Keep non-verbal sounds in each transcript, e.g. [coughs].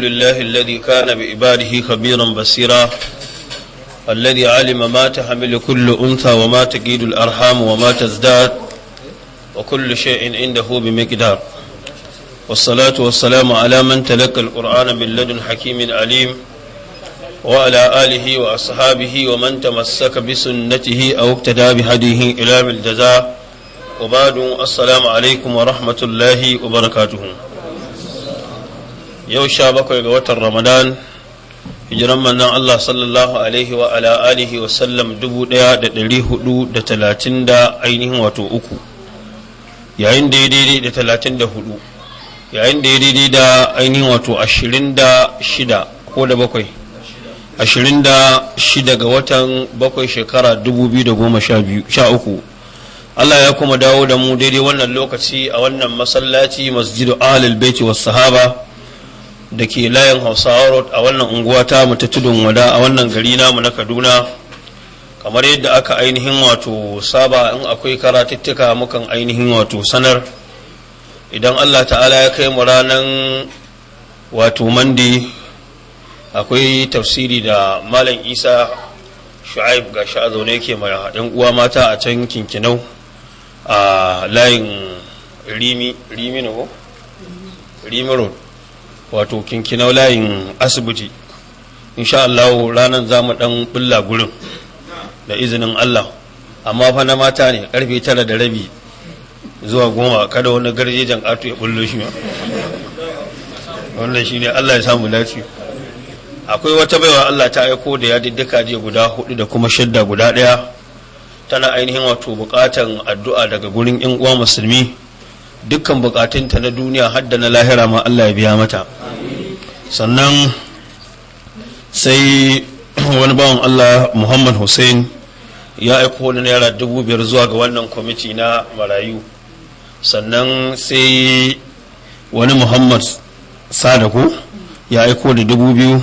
لله الذي كان بعباده خبيرا بصيرا الذي علم ما تحمل كل أنثى وما تقيد الأرحام وما تزداد وكل شيء عنده بمقدار والصلاة والسلام على من تلقى القرآن من لدن حكيم عليم وعلى آله وأصحابه ومن تمسك بسنته أو اقتدى بهديه إلى الجزاء وبعد السلام عليكم ورحمة الله وبركاته yau sha bakwai ga watan ramadan hijiran manzon Allah sallallahu alaihi wa ala alihi wa sallam dubu daya da dari hudu da talatin da ainihin wato uku yayin da ya daidai da talatin da hudu yayin da ya daidai da ainihin wato ashirin da shida ko da bakwai ashirin da shida ga watan bakwai shekara dubu biyu da goma sha uku Allah ya kuma dawo da mu daidai wannan lokaci a wannan masallaci masjidu ahlul baiti was sahaba da ke layin hausawa road a wannan unguwa ta mu ta tudun wada a wannan gari namu na kaduna kamar yadda aka ainihin wato saba in akwai karatuttuka mukan ainihin wato sanar idan allah ta'ala ya kai mu ranar wato mandi akwai tafsiri da malam isa shu'aib ga sha zaune ke mai haɗin uwa mata a can kinkinau a layin rimi rimi road wato kinkinau layin asibiti insha Allah ranar za mu dan bulla gurin da izinin Allah amma fa na mata ne karfe tara da rabi zuwa goma kada wani garjejen ato ya bullo shi wannan shine Allah ya samu lafiya akwai wata baiwa Allah ta aiko da ya yadiddika jiya guda hudu da kuma shadda guda daya tana ainihin wato bukatan addu'a daga gurin yan uwa musulmi dukkan bukatunta na duniya hadda na lahira ma Allah ya biya mata sannan sai wani bawan allah muhammad hussein ya aiko wani naira dubu biyar zuwa ga wannan kwamiti na marayu sannan sai wani muhammad sadaku ya aiko da dubu biyu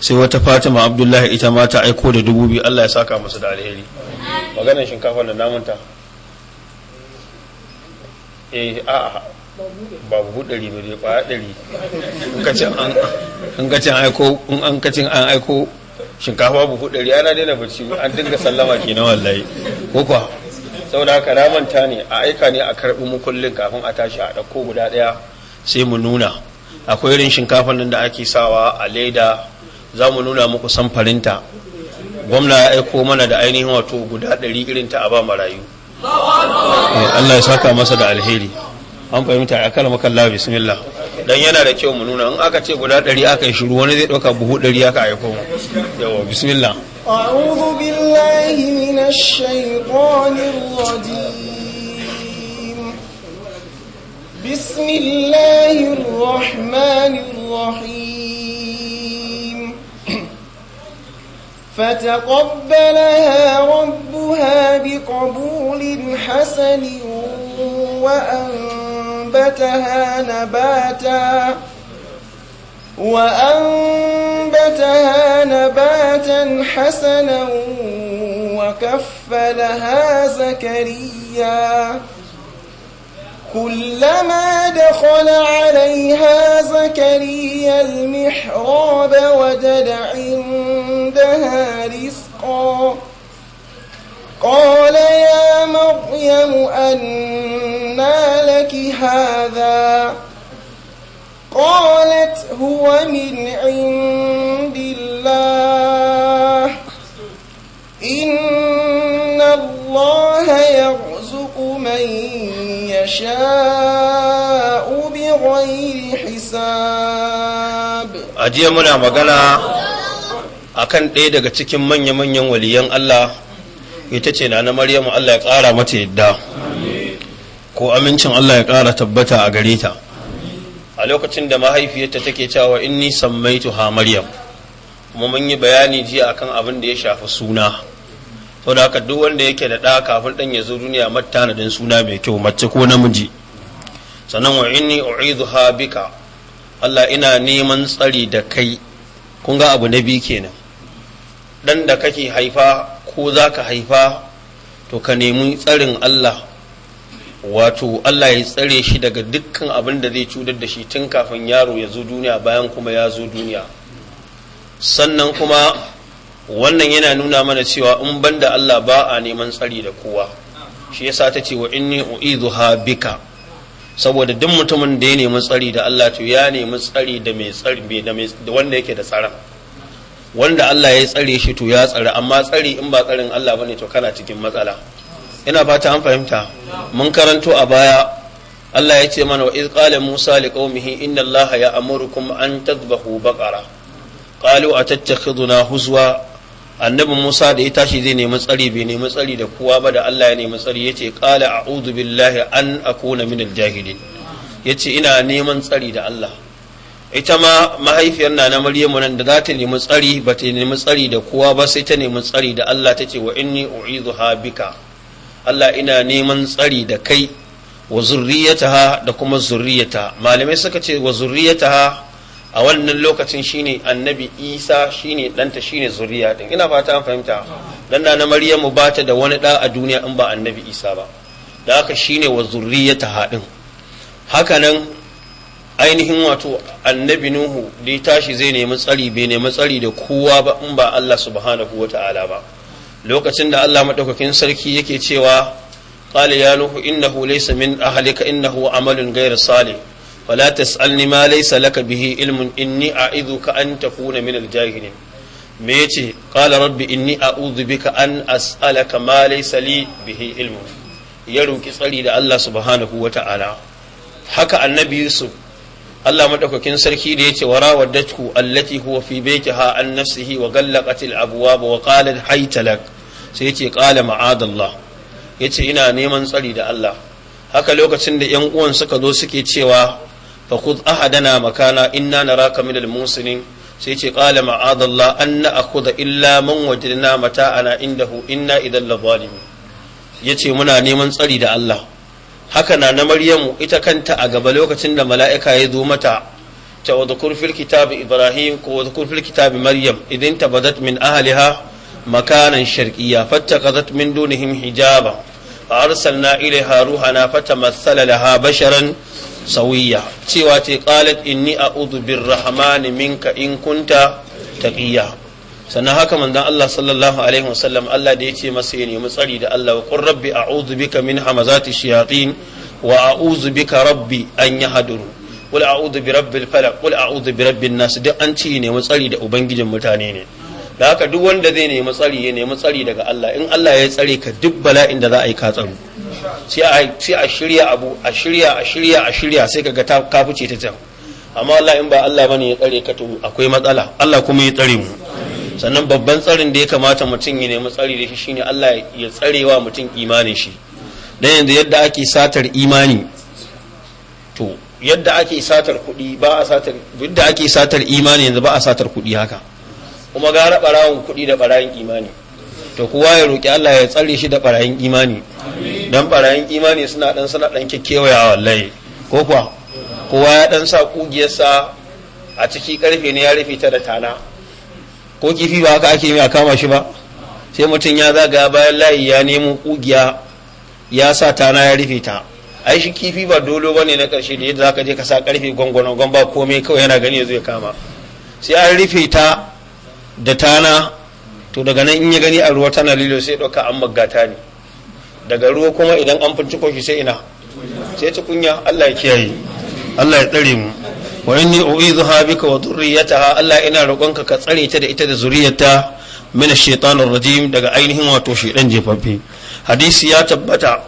sai wata fatima abdullahi ita ma ta aiko da dubu biyu allah ya saka masu da alheri maganar shinkafa da namunta eh, ba buhu ɗari ba dai kwaya ɗari in kacin aiko in an kacin an aiko shinkafa buhu ɗari ana daina bacci an dinga sallama ke na wallahi ko kuwa saboda haka na manta ne a aika ne a karɓi mukullin kafin a tashi a ɗauko guda ɗaya sai mu nuna akwai irin shinkafa nan da ake sawa a leda za mu nuna muku samfarinta gwamna ya aiko mana da ainihin wato guda ɗari irin ta a ba marayu eh, Allah ya saka masa da alheri an fahimta a kalma kalla bismillah dan yana da kyau mu nuna in aka ce guda ɗari aka yi shiru wani zai ɗauka buhu ɗari aka haifo mu yawa bismillah أعوذ بالله من الشيطان الرجيم بسم الله الرحمن الرحيم فتقبلها ربها بقبول حسن وأن وأنبتها نباتا وأنبتها نباتا حسنا وكفلها زكريا كلما دخل عليها زكريا المحراب وجد عندها رزقا قال يا مريم أنا لك هذا قالت هو من عند الله إن الله يرزق من يشاء بغير حساب أجي منا مغانا أكن ɗaya daga من يمن يوليان الله ita ce na na maryamu Allah ya ƙara mata yadda ko amincin Allah ya ƙara tabbata a gare ta a lokacin da mahaifiyarta take cewa inni sammaitu ha maryam kuma mun yi bayani jiya akan abin da ya shafi suna to da haka duk wanda yake da ɗa kafin ɗan ya zo duniya matta suna mai kyau mace ko namiji sannan wa inni u'idhuha bika Allah ina neman tsari da kai kun ga abu na biyu kenan dan da kake haifa ko za ka haifa to ka nemi tsarin Allah wato Allah ya tsare shi daga dukkan abin da zai cutar da shi tun kafin yaro ya zo duniya bayan kuma ya zo duniya sannan kuma wannan yana nuna mana cewa in banda Allah ba a neman tsari da kowa shi yasa ta ce wa inni u'idhuha bika saboda duk mutumin da ya nemi tsari da Allah to ya nemi tsari da tsari da wanda yake da tsaron wanda Allah ya tsare shi to ya tsare amma tsari in ba tsarin Allah bane to kana cikin matsala ina fata an fahimta mun karanto a baya Allah ya ce mana wa iz qala Musa qaumihi inna Allah amurukum an Ƙalu baqara qalu atattakhiduna huzwa annabi Musa da ya tashi zai nemi tsari bai nemi tsari da kowa ba da Allah ya nemi tsari yace qala a'udhu billahi an akuna minal jahilin yace ina neman tsari da Allah ita ma mahaifiyar na na maryamu nan da za ta nemi tsari ba ta nemi tsari da kowa ba sai ta nemi tsari da Allah ta ce wa inni ha bika Allah ina neman tsari da kai wa zurriyataha da kuma zurriyata malamai suka ce wa zurriyataha a wannan lokacin shine annabi Isa shine danta shine zurriya din ina fata an fahimta dan na na maryamu ba ta da wani da a duniya in ba annabi Isa ba da haka shine wa zurriyataha din nan ainihin wato annabi nuhu da ya tashi zai nemi tsari bai nemi tsari da kowa ba in ba Allah subhanahu wa ta'ala ba lokacin da Allah madaukakin sarki yake cewa qala ya nuhu innahu laysa min ahlika innahu amalun ghayr salih wala tas'alni ma laysa laka bihi ilmun inni a'idhuka an takuna min al-jahilin me yace qala rabbi inni a'udhu bika an as'alaka ma laysa li bihi ilmun ya roki tsari da Allah subhanahu wa ta'ala haka annabi yusuf Allah madaukakin sarki da yace wara wadatku allati huwa fi baytiha an nafsihi wa ghallaqat al abwab wa qalat haytalak sai yace qala ma'adallah yace ina neman tsari da Allah haka lokacin da yan uwan suka zo suke cewa fa khudh ahadana makana inna naraka min al muslimin sai yace qala ma'adallah an na'khudha illa man wajadna mata'ana indahu inna idan la zalimin yace muna neman tsari da Allah haka na na maryamu ita kanta a gaba lokacin da mala'ika ya zo mata ta wadhkur fil kitabi ibrahim ko wadhkur fil kitabi maryam idan tabadat min ahliha makanan sharqiyya fattaqadat min dunihim hijaba fa arsalna ilaiha ruhana fatamassala laha basharan sawiyya cewa ce qalat inni a'udhu birrahmani minka in kunta taqiyya sannan haka manzon Allah sallallahu alaihi wasallam Allah da ya ce masa ya nemi tsari da Allah wa qur rabbi a'udhu bika min hamazati shayatin wa a'udhu bika rabbi an yahduru qul a'udhu bi rabbil falaq qul a'udhu bi rabbin nas duk an ce nemi tsari da ubangijin mutane ne da haka duk wanda zai nemi tsari ya nemi tsari daga Allah in Allah ya tsare ka duk bala'in da za a yi ka tsaro sai a shirya abu a shirya a shirya a shirya sai ka ga ta kafuce ta can amma Allah in ba Allah bane ya tsare ka to akwai matsala Allah kuma ya tsare mu sannan babban tsarin da ya kamata mutum ya nemi tsari da shi shine Allah ya tsarewa mutum imanin shi dan yanzu yadda ake satar imani to yadda ake satar kuɗi ba a satar yadda ake satar imani yanzu ba a satar kuɗi haka kuma gara barawon kuɗi da barayin imani to kowa ya roki Allah ya tsare shi da barayin imani dan barayin imani suna dan suna dan kekkewaya wallahi ko kuwa kowa ya dan sa kugiyarsa a ciki karfe ne ya rufe ta da tana ko kifi ba haka ake yi a kama shi ba sai mutum ya zaga bayan layi ya nemo kugiya ya sa tana ya rufe ta ai shi kifi ba dolo bane na karshe da yadda zaka je ka sa karfe gwangwanon gwan ba komai kawai yana gani zai kama sai an rufe ta da tana to daga nan in ya gani a ruwa tana lilo sai ɗauka an magata ne daga ruwa kuma idan an finciko shi sai ina sai ta Allah ya kiyaye Allah ya tsare mu wa inni u'idhuha bika wa dhurriyyataha Allah ina roƙonka ka tsare ta da ita da zuriyarta min ash-shaytanir rajim daga ainihin wato shedan jefaffe hadisi ya tabbata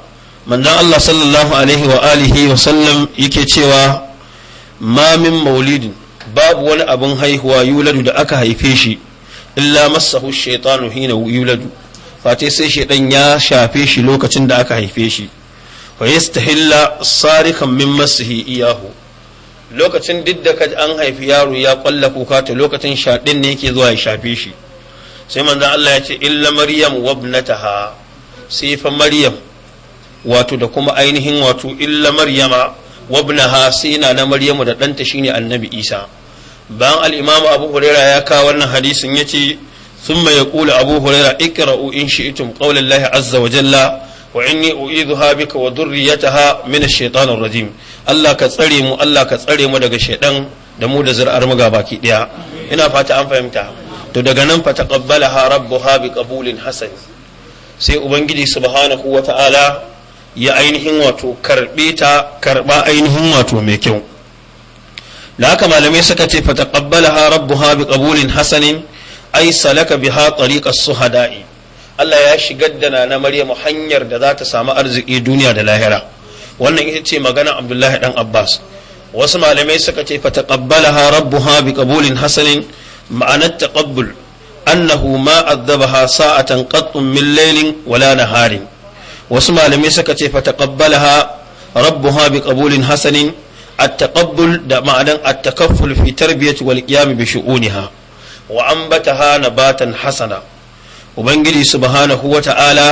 manzon Allah sallallahu alaihi wa alihi wa sallam yake cewa ma min maulidin babu wani abun haihuwa yuladu da aka haife shi illa masahu shaytanu hina yuladu fate sai shedan ya shafe shi lokacin da aka haife shi fa yastahilla sarikan min masahi iyahu lokacin duk da an haifi yaro ya kwalla kuka ta lokacin shaɗin ne yake zuwa ya shafe shi sai manzan Allah ya ce illa maryam wabnataha sai fa maryam wato da kuma ainihin wato illa maryama wabnaha sai na na maryamu da ɗanta shine annabi isa bayan al-imam abu huraira ya kawo wannan hadisin yace ثم يقول أبو هريرة اقرأوا إن شئتم قول الله عز wa وإني أعيذها بك وذريتها من الشيطان الرجيم Allah ka tsare mu Allah ka tsare mu daga shaidan da mu da zur'ar mu baki daya ina fata an fahimta to daga nan fa taqabbalaha rabbuha bi qabulin hasan sai ubangiji subhanahu wata'ala ya ainihin wato karbe ta karba ainihin wato mai kyau da haka malamai suka ce fa taqabbalaha rabbuha bi qabulin hasanin ai salaka biha tariqas suhada'i Allah ya shigar da na Maryam hanyar da za ta samu arziki duniya da lahira wannan ita ce magana abdullahi dan abbas wasu malamai suka ce fa taqabbalaha rabbuha bi qabulin hasanin ma'anar taqabbul annahu ma adzabaha sa'atan qattun min laylin wala naharin wasu malamai suka ce fa taqabbalaha rabbuha bi qabulin hasanin التقبل ده معنى التكفل في تربية والقيام بشؤونها وأنبتها نباتا حسنا وبنجلي سبحانه وتعالى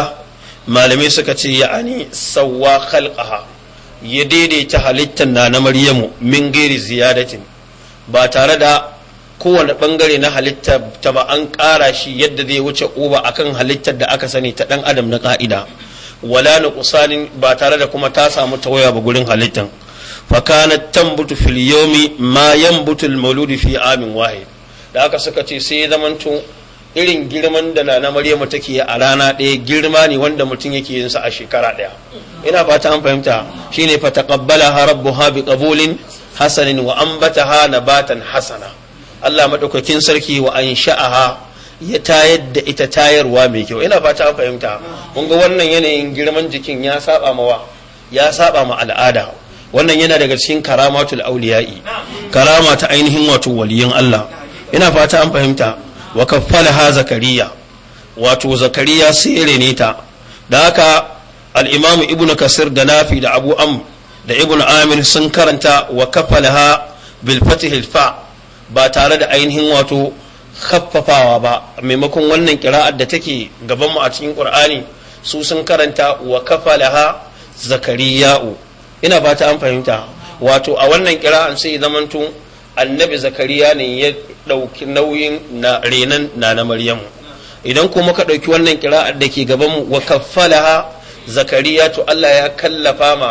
malamai suka ce ya'ani sawa khalqaha ya daidaita halittar na na maryamu min gairi ziyadatin ba tare da kowane bangare na halitta ta ba an kara shi yadda zai wuce uba akan halittar da aka sani ta ɗan adam na ƙa'ida wala na kusanin ba tare da kuma ta samu tawaya ba gurin halittar fakanat tambutu fil yawmi ma yanbutu al fi amin wahid da aka suka ce sai zamanto irin girman da na maryamu take a rana ɗaya girma ne wanda mutum yake yin sa a shekara ɗaya ina fata an fahimta shine fa ƙabbala rabbuha bi qabulin hasanin wa na batan hasana Allah maɗaukakin sarki wa ansha'aha ya tayar da ita tayarwa mai kyau ina fata an fahimta mun ga wannan yanayin girman jikin ya saba mawa ya saba ma al'ada wannan yana daga cikin karamatul auliya'i karama ta ainihin wato waliyin Allah ina fata an fahimta wa kaffalaha zakariya wato zakariya sai ne ta da haka al ibn ibnu kasir da nafi da abu am da ibnu amir sun karanta wa kafalaha bil fatihil fa ba tare da ainihin wato khaffafawa ba maimakon wannan kira'ar da take gaban mu a cikin qur'ani su sun karanta wa kafalaha zakariya'u ina fata an fahimta wato a wannan kira'an sai zamanto annabi zakariya ne ya ɗauki nauyin na renan na na maryamu idan kuma ka ɗauki wannan kira'ar da ke gaban mu wa kaffalaha zakariya to Allah ya kallafa ma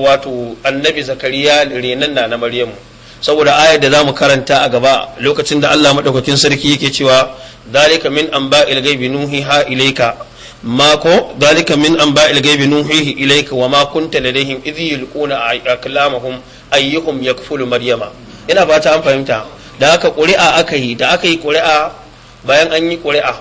wato annabi zakariya renan na na maryamu saboda ayar da zamu karanta a gaba lokacin da Allah madaukakin sarki yake cewa dalika min anba'il ghaibi nuhiha ilayka ilaika mako dalika min anba'il ghaibi nuhi ilayka wa ma kunta ladaihim idh yulquna aklamahum ayyuhum yakfulu maryama ina fata an fahimta da aka ƙuri'a aka yi da aka yi ƙuri'a bayan an yi ƙuri'a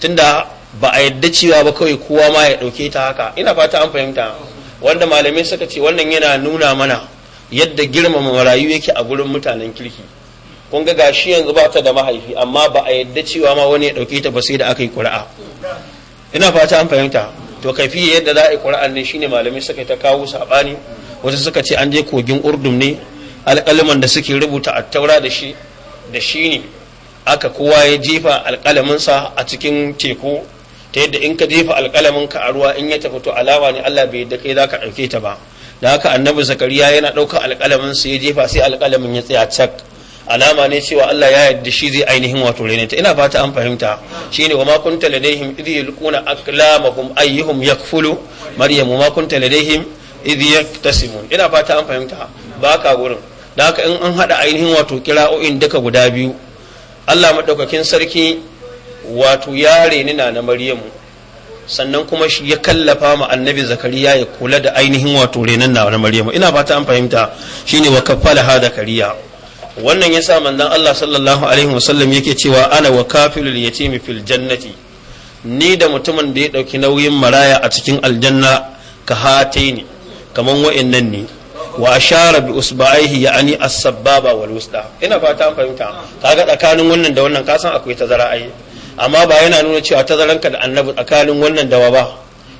tunda ba a yadda cewa ba kawai kowa ma ya ɗauke ta haka ina fata an fahimta wanda malamai suka ce wannan yana nuna mana yadda girmama marayu yake a gurin mutanen kirki kun ga gashi yanzu ba ta da mahaifi amma ba a yadda cewa ma wani ya ɗauke ta ba sai da aka yi ƙuri'a ina fata an fahimta to kafi yadda za a yi ƙuri'an ne shine malamai suka ta kawo saɓani wasu suka ce an je kogin urdum ne alƙaliman da suke rubuta a taura da shi da shi ne aka kowa ya jefa alƙalaminsa a cikin teku ta yadda in ka jefa alƙalamin ka a ruwa in ya tafi to alama ne Allah bai yadda kai zaka ɗauke ta ba da haka annabi zakariya yana ɗaukan alƙalamin su ya jefa sai alƙalamin ya tsaya cak alama ne cewa Allah ya yadda shi zai ainihin wato rene ta ina fata an fahimta shine wa ma kunta ladaihim idh yulquna aqlamahum ayyuhum yakfulu maryam ma kunta ladaihim idh yaktasimun ina fata an fahimta baka gurin da haka in an hada ainihin wato kira'o'in duka guda biyu Allah maɗaukakin sarki wato ya reni na na maryamu sannan kuma shi ya kallafa ma annabi zakariya ya kula da ainihin wato renan na na maryamu ina fata an fahimta shine wa kafala ha zakariya wannan yasa manzon Allah sallallahu alaihi wasallam yake cewa ana wa kafilul yatimi fil jannati ni da mutumin da ya dauki nauyin maraya a cikin aljanna ka ni kaman wa'annan ne wa ashara bi usba'ihi ya'ani as-sababa wal wusta ina fata an fahimta kaga tsakanin wannan da wannan kasan akwai tazara ai amma ba yana nuna cewa tazaranka da annabi tsakanin wannan dawa ba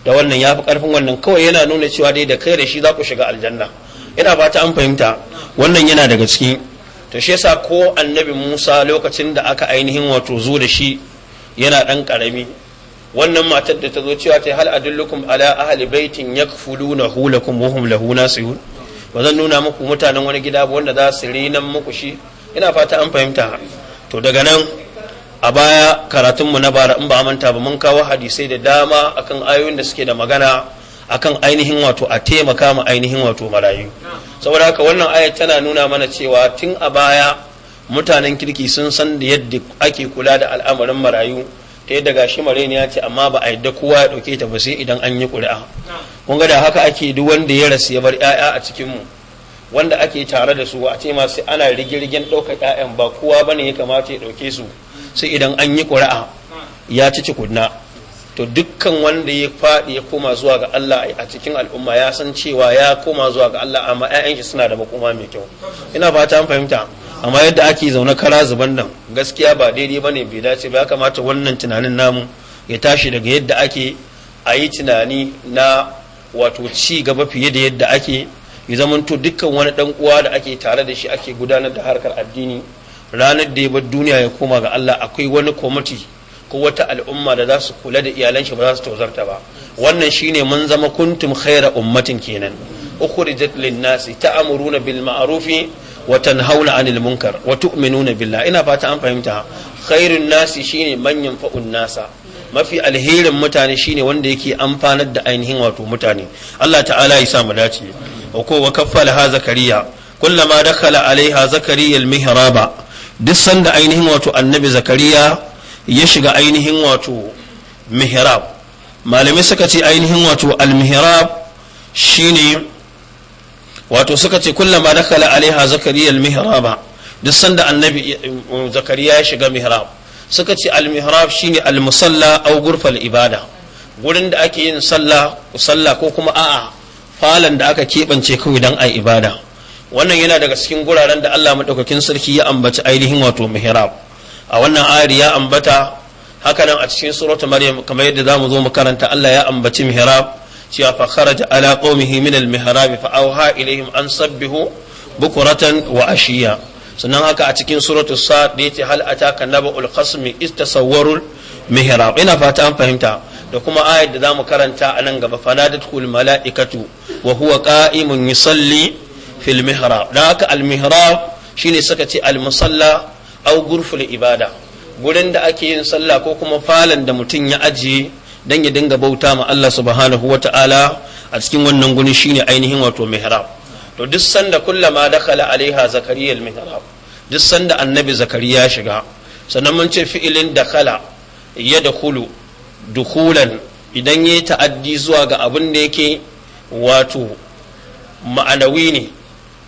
da wannan ya fi karfin wannan kawai yana nuna cewa dai da kai da shi za ku shiga aljanna ina fata an fahimta wannan yana daga ciki to shi yasa ko annabi musa lokacin da aka ainihin wato zo da shi yana dan karami wannan matar da ta zo cewa ta hal adullukum ala ahli baitin yakfuluna hulakum wa hum lahu nasihun ba zan nuna muku mutanen wani gida ba wanda za su rinan muku shi ina fata an fahimta to daga nan a baya karatunmu na bara in ba manta ba mun kawo hadisai da dama akan ayoyin da suke da magana akan ainihin wato a taimaka ma ainihin wato marayu saboda haka wannan ayat tana nuna mana cewa tun a baya mutanen kirki sun san da yadda ake kula da al'amarin marayu ta yadda gashi maraini ya ce amma ba a yadda kowa ya dauke ta ba sai idan an yi ƙuri'a kun ga da haka ake duk wanda ya rasu ya bar 'ya'ya a cikin mu wanda ake tare da su a ce ma sai ana rigirgin ɗaukar 'ya'yan ba kowa bane ya kamata ya ɗauke su sai idan an yi ƙuri'a ya ci kudna to dukkan wanda ya faɗi ya koma zuwa ga Allah a cikin al'umma ya san cewa ya koma zuwa ga Allah amma 'ya'yan shi suna da makoma mai kyau ina fata an fahimta amma yadda ake zaune kara zuban nan gaskiya ba daidai ba ne bai dace ba ya kamata wannan tunanin namu ya tashi daga yadda ake a yi tunani na wato ci gaba fiye da yadda ake ya zamanto dukkan wani dan uwa da ake tare da shi ake gudanar da harkar addini ranar da ya bar duniya ya koma ga Allah akwai wani kwamiti ko wata al'umma da za su kula da iyalan shi ba za su tausarta ba wannan shine mun zama kuntum khaira ummatin kenan ukhrijat lin nasi ta'muruna bil ma'rufi wa tanhauna 'anil munkar wa tu'minuna billah ina fata an fahimta khairun nasi shine man yanfa'un nasa mafi alherin mutane shine wanda yake amfanar da ainihin wato mutane Allah ta'ala ya sa mu dace wa ko wa kaffala ha zakariya kullama dakhala alaiha zakariya al-mihraba duk sanda ainihin wato annabi zakariya ya shiga ainihin wato mihrab malamai suka ce ainihin wato al-mihrab shine wato suka ce kullama dakala alaiha zakariya al-mihraba duk sanda annabi um, zakariya ya shiga mihrab suka ce al-mihrab shine al-musalla aw gurfal ibada gurin da ake yin sallah sallah ko kuma a'a falan da aka keɓance kawai dan ai ibada wannan yana daga cikin guraren da Allah madaukakin sarki ya ambaci ainihin wato mihrab a wannan ayar ya ambata hakanan a cikin suratu maryam kamar yadda zamu zo mu karanta Allah ya ambaci mihrab cewa fa kharaja ala qaumihi min al mihrab fa awha ilaihim an sabbihu bukuratan wa ashiya sannan haka a cikin suratu sa'd da yace hal ataka naba'ul khasmi istasawwarul mihrab ina fata an fahimta da kuma ayar da zamu karanta a nan gaba fanadatul mala'ikatu wa huwa qa'imun yusalli fil mihrab dan haka al mihrab shine suka ce al musalla aw gurful ibada gurin da ake yin sallah ko kuma falon da mutum ya ajiye dan ya dinga bauta ma Allah subhanahu wata'ala a cikin wannan guni shine ainihin wato mihrab to duk sanda kullama dakhala alaiha zakariya al mihrab duk sanda annabi zakariya shiga sannan mun ce fi'ilin dakhala ya dakhulu dukulan idan ya ta'addi zuwa ga abin da yake wato ma'anawi ne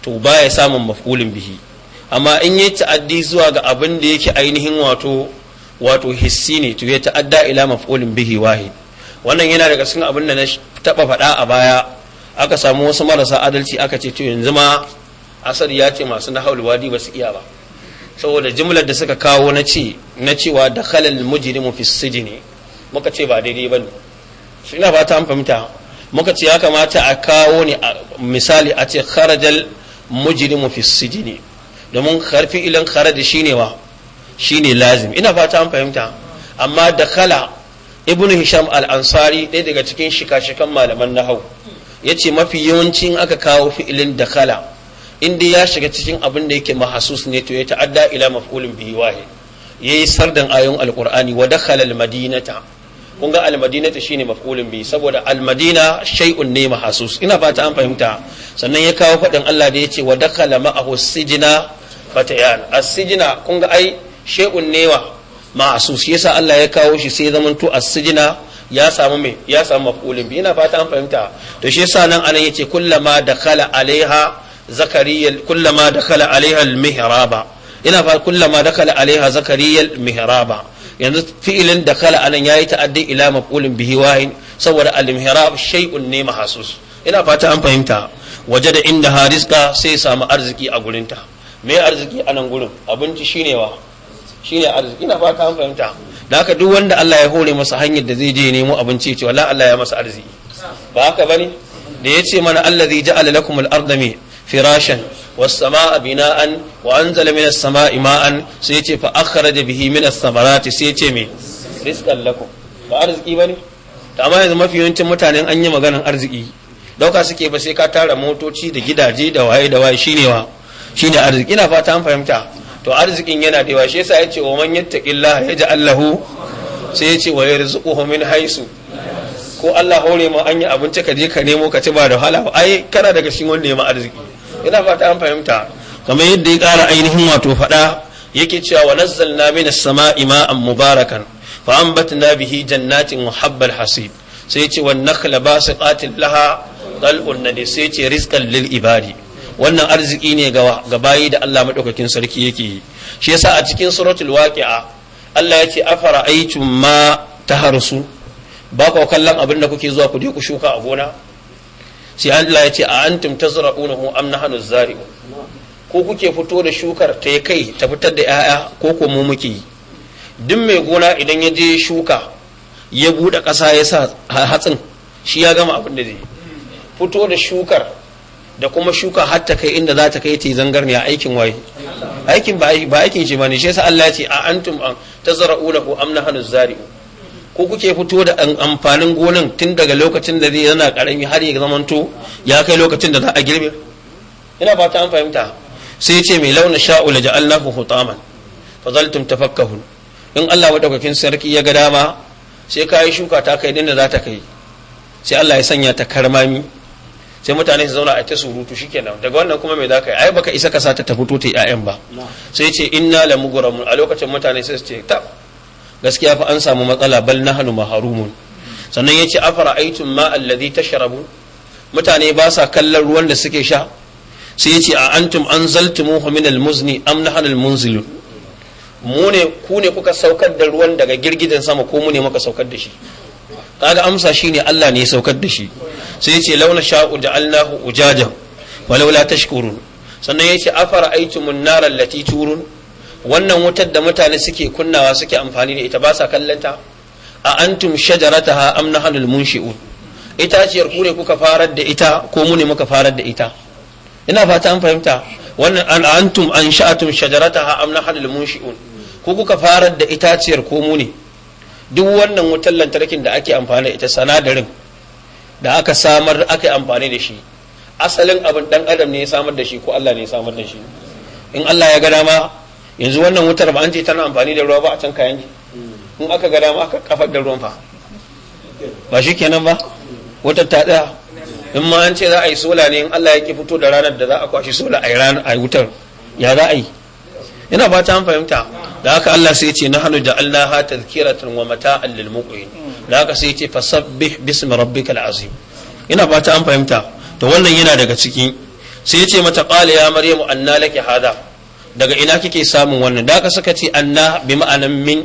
to baya samun maf'ulin bihi amma in ya ta'addi zuwa ga abin da yake ainihin wato wato hissi ne to ya ta'adda ila maf'ulin bihi wahid wannan yana daga cikin abin da na taba faɗa a baya aka samu wasu marasa adalci aka ce to yanzu ma asar ya ce masu na haul wadi ba su iya ba saboda jimlar da suka kawo na ce na cewa da khalal mujrimu fi sijni muka ce ba daidai bane ina fata an fahimta muka ce ya kamata a kawo ne misali a ce kharajal mujrimu fi sijini domin harfi ilan kharaja shine wa shine lazim ina fata an fahimta amma da kala ibn hisham al-ansari ɗaya daga cikin shika-shikan malaman nahau ya ce mafi yawancin aka kawo fi'ilin da kala inda ya shiga cikin abin da yake mahasus ne to ya ta'adda ila maf'ulun bihi wahid yayi sardan ayoyin alqur'ani wa dakhala al-madinata kun ga almadina ta shine maf'ulun bi saboda almadina shay'un ne mahasus ina fata an fahimta sannan ya kawo fadin Allah da yace wa dakala ma'ahu sijna fatayan as asijina kun ga ai shay'un ne wa mahasus yasa Allah ya kawo shi sai zaman to as ya samu me ya samu maf'ulun bi ina fata an fahimta to shi yasa nan anan yace kullama dakala alaiha zakariya kullama dakala alaiha al-mihraba ina fa kullama dakala alaiha zakariya al-mihraba yanzu fi'ilin da kala anan yayi ta'addi ila maqulin bihi wahin saboda al-inhirab shay'un ne mahsus ina fata an fahimta waje da inda hariska sai samu arziki a gurinta me arziki a nan gurin abinci shine wa shine arziki ina fata an fahimta da haka duk wanda Allah ya hore masa hanyar da zai je nemo abinci ce wallahi Allah ya masa arziki ba haka bane da yace mana allazi ja'ala lakumul arda firashan was-samaa bina'an wa anzala minas samaa'i ma'an sai yace fa akhraja bihi minas samarati sai yace me ba to amma yanzu mafi yawancin mutanen an yi maganar arziki dauka suke ba sai ka tara motoci da gidaje da waye da waye shine wa shine arziki ina fata an fahimta to arzikin yana da yawa shi yasa yace wa man yattaqillaha yaj'al Allahu? sai yace wa yarzuquhu min haisu ko Allah hore ma an yi abinci ka je ka nemo ka ci ba da wahala ai kana daga cikin wanda ya ma arziki ina fata an fahimta kamar yadda ya ƙara ainihin wato faɗa yake cewa wa nazzalna min as-sama'i ma'an mubarakan fa anbatna bihi jannatin wa habbal hasib sai ce wan nakhla basiqatin laha qal'un nadi sai ce rizqan lil ibadi wannan arziki ne ga bayi da Allah madaukakin sarki yake yi shi yasa a cikin suratul waqi'a Allah ya ce afara aitum ma taharsu ba ku kallon abin da kuke zuwa ku je ku shuka a gona sai Allah ya ce a antum tazra'unahu am nahnu zari'un ko kuke fito da shukar ta kai ta fitar da 'ya'ya ko ko mu muke yi duk mai gona idan ya je shuka ya bude kasa ya sa hatsin shi ya gama abin da zai fito da shukar da kuma shuka har ta kai inda za ta kai ta yi zangarniya aikin waye aikin ba aikin shi ba ne shi yasa Allah ya ce a antum tazra'unahu am nahnu zari'un ko kuke fito da amfanin gonan tun daga lokacin da zai yana karami har ya zamanto ya kai lokacin da za a girbe ina ba ta an fahimta sai ce mai launa sha'u la ja'alnahu hutaman fa zaltum tafakkahun in Allah ɗaukakin sarki ya ga dama sai kai shuka ta kai dinda za ta kai sai Allah ya sanya ta karmami sai mutane su zauna a ta surutu shikenan daga wannan kuma me za ka yi ai baka isa ka sata ta fito ta 'ya'yan ba sai ce inna lamugramun a lokacin mutane sai su ce ta gaskiya fa an samu matsala bal nahnu maharumun sannan yace afara'aytum ma alladhi tashrabu mutane ba sa kallon ruwan da suke sha sai yace a antum anzaltumuhu min almuzni am nahnu almunzil mu ne ku ne kuka saukar da ruwan daga girgidan sama ko mu ne muka saukar da shi kaga amsa shine Allah ne ya saukar da shi sai yace launa sha'u ja'alnahu ujajan walaula tashkurun sannan yace afara'aytumun nara allati turun wannan wutar da mutane suke kunnawa suke amfani da ita ba sa kallanta a antum shajarataha am nahnul munshi'un itaciyar ku ne kuka farar da ita ko mu ne muka farar da ita ina fata an fahimta wannan an antum an sha'atum ha amna nahnul munshi'un ku kuka farar da itaciyar ko mu ne duk wannan wutar lantarkin da ake amfani da ita sanadarin da aka samar aka amfani da shi asalin abin dan adam ne ya samar da shi ko Allah ne ya samar da shi in Allah ya ga dama yanzu wannan wutar ba an ce tana amfani da ruwa ba a can kayan ji in aka ga dama aka kafar da ruwan fa ba shi kenan ba wutar ta daya in ma an ce za a yi sola ne in Allah ya ki fito da ranar da za a kwashi sola a yi ranar wutar ya za a yi ina ba ta fahimta da haka Allah sai ce nahnu ja'alnaha tadhkiratan wa mata'an lil muqin da haka sai ce fasabbih bismi rabbikal azim ina ba ta fahimta to wannan yana daga ciki sai ya ce mata qala ya maryamu anna laki hada daga ina kike samun wannan da ka suka ce anna bi ma'anan min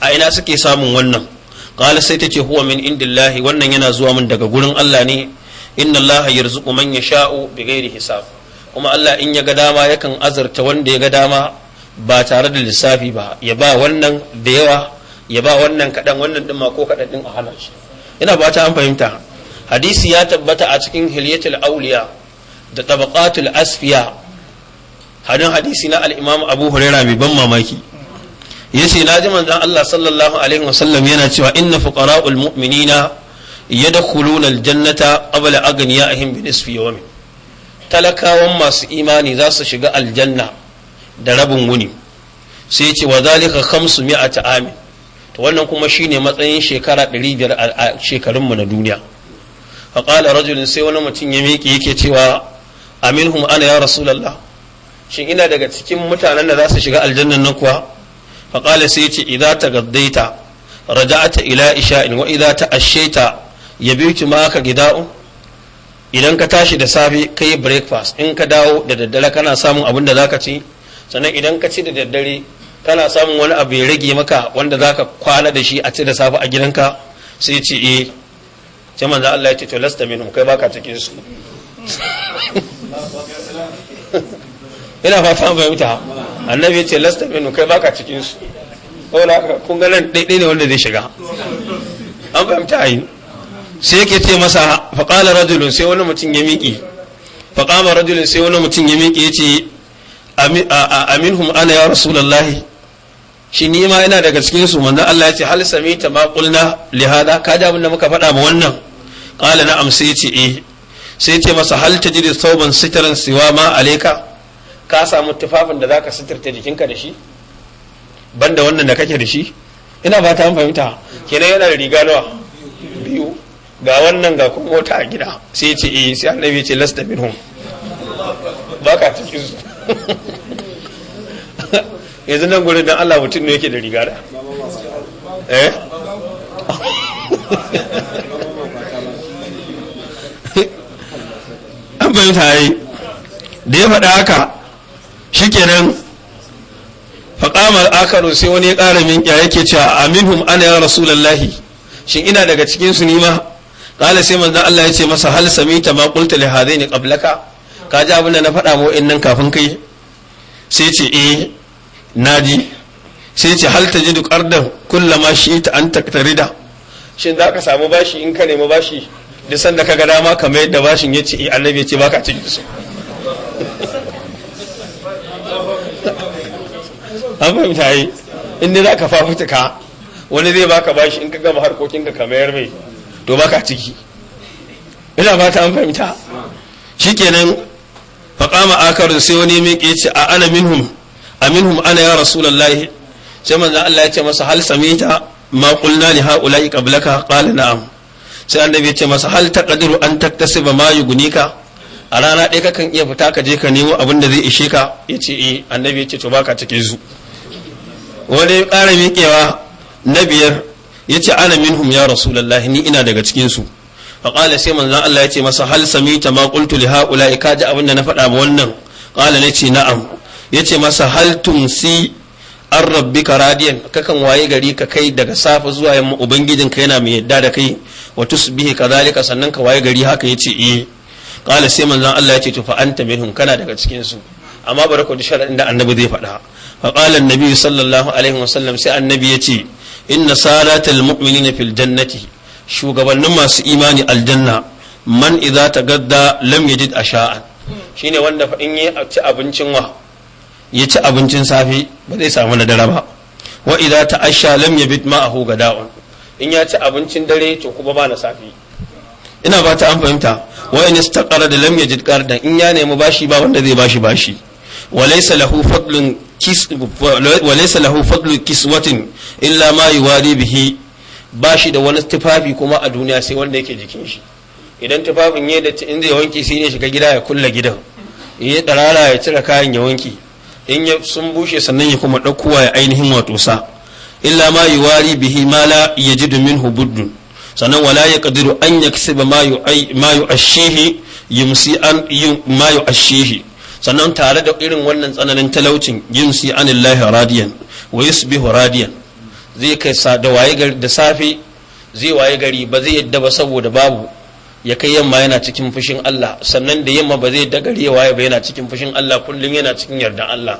a ina suke samun wannan qala sai ta ce huwa min indillahi wannan yana zuwa mun daga gurin Allah ne inna Allah yarzuqu man yasha'u bighairi hisab kuma Allah in ya ga dama yakan azarta wanda ya ga dama ba tare da lissafi ba ya ba wannan da yawa ya ba wannan kadan wannan din ma ko kadan din a hana shi ina ba ta an fahimta hadisi ya tabbata a cikin hilyatul auliya da tabaqatul asfiya hadin hadisi na al abu huraira mai ban mamaki yace na ji manzon Allah sallallahu alaihi wasallam yana cewa inna fuqara'ul mu'minina yadkhuluna al-jannata qabla aghniyaihim bi nisfi yawmin talakawan masu imani za su shiga aljanna da rabin wuni sai ce wa zalika khamsu mi'ata amin to wannan kuma shine matsayin shekara 500 a shekarunmu na duniya fa qala sai wani mutum ya miƙe yake cewa aminhum ana ya rasulullah shin ina daga cikin mutanen da za su shiga aljannan nan kuwa faƙala sai ce idza tagaddaita raja'ata ila isha'in wa idza ta'ashaita yabitu ma ka gida'u idan ka tashi da safe kai yi breakfast in ka dawo da daddare kana samun abin da zaka ci sannan idan ka ci da daddare kana samun wani abu ya rage maka wanda zaka kwana da shi a ci da safe a gidanka sai ce eh sai manzo Allah ya ce to lasta minhum kai baka cikin su [laughs] ina fata an fahimta annabi ya ce lasta minu kai baka cikinsu. ola saboda kun ga daidai ne wanda zai shiga an fahimta yi sai yake ce masa faƙala rajulun sai wani mutum ya miƙe faƙama rajulun sai wani mutum ya miƙe ya ce aminhum ana ya lallahi. shi ni ma yana daga cikin su Allah ya ce hal samita ma qulna li hada ka ji abin da muka faɗa ma wannan qala na'am sai ya ce eh sai ya ce masa hal tajidi thawban sitran siwa ma alayka ka samu tufafin da zaka suturta jikinka da shi banda wannan da kake da shi ina ba ta fahimta kenan yana da riga nawa biyu ga wannan ga kuma mota a gida sai ce eh sai annabi ce lasta minhum ba ka cikin su [laughs] yanzu nan gurin dan Allah mutum ne yake da riga da eh [laughs] an fahimta yi da ya faɗa haka shikenan faƙama akaru sai wani ya ƙara min ya yake cewa aminhum ana ya rasulallahi shin ina daga cikin su nima ƙala sai manzan Allah ya ce masa hal samita ma qulta li ne qablaka ka ji abin da na faɗa mu nan kafin kai sai ce eh naji sai ce hal tajidu qardan kullama shi'ta an taktarida shin za ka samu bashi in ka nemi bashi da sanda ka ga dama kamar yadda bashin ya ce eh, annabi ya ce baka cikin su an fahimta yi in ne za ka fafutuka wani zai baka bashi in ka gama harkokin ka kamar mai to baka ciki ina ba ta an fahimta shikenan faƙa akar sai wani min ƙeci a ana minhum a minhum ana ya rasulullahi sai manzan Allah ya ce masa hal samita ma qulna li haula'i qablaka qala na'am sai annabi ya ce masa hal ƙadiru an ba ma ka a rana ɗaya kakan iya fita ka je ka nemo abin da zai ishe ka ya ce eh annabi ya ce to baka cike su wani ƙara miƙewa na biyar ya ce ana minhum ya lallahi ni ina daga cikinsu ƙala sai manzan Allah ya ce masa hal sami ta ma ƙultu li haƙula ka ji abin da na faɗa ba wannan ƙala na ce na'am ya ce masa hal tumsi an rabbi ka radiyan kakan waye gari ka kai daga safa zuwa yamma ubangijin ka yana mai yadda da kai wa ka zalika sannan ka waye gari haka ya ce eh ƙala sai manzan Allah ya ce to fa anta minhum kana daga cikinsu amma bari ku ji sharadin da annabi zai faɗa فقال النبي صلى الله عليه وسلم سأل النبي يتي إن سادات المؤمنين في الجنة شو قبل نما إيمان الجنة من إذا تغدى لم يجد أشاء شيني وانا فإني أبنشن وها ya ci abincin safe ba zai samu na dare ba wa idza ta'ashsha lam yabit ma'ahu gada'un in ya ci abincin dare to kuma ba na safe ina ba ta an fahimta wa in istaqara in ya nemi bashi ba wanda zai bashi bashi وليس له فضل كس وليس له فضل كسوة إلا ما da wani tufafi kuma a duniya sai wanda yake jikin shi idan tufafin ya da in zai wanki sai ne shiga gida ya kulle gidan ya darara ya cire kayan ya wanki in ya sun bushe sannan ya kuma ɗaukowa ya ainihin wato sa illa ma yuwari bihi ma la yajidu minhu buddun sannan wala ya kadiru an ya kasiba ma yu'ashihi yumsi sannan tare da irin wannan tsananin talaucin yumsi anillahi radiyan wa yusbihu radiyan zai kai da waye gari da safe zai waye gari ba zai yadda ba saboda babu ya kai yamma yana cikin fushin Allah sannan da yamma ba zai yadda gari ya waye ba yana cikin fushin Allah kullum yana cikin yardan Allah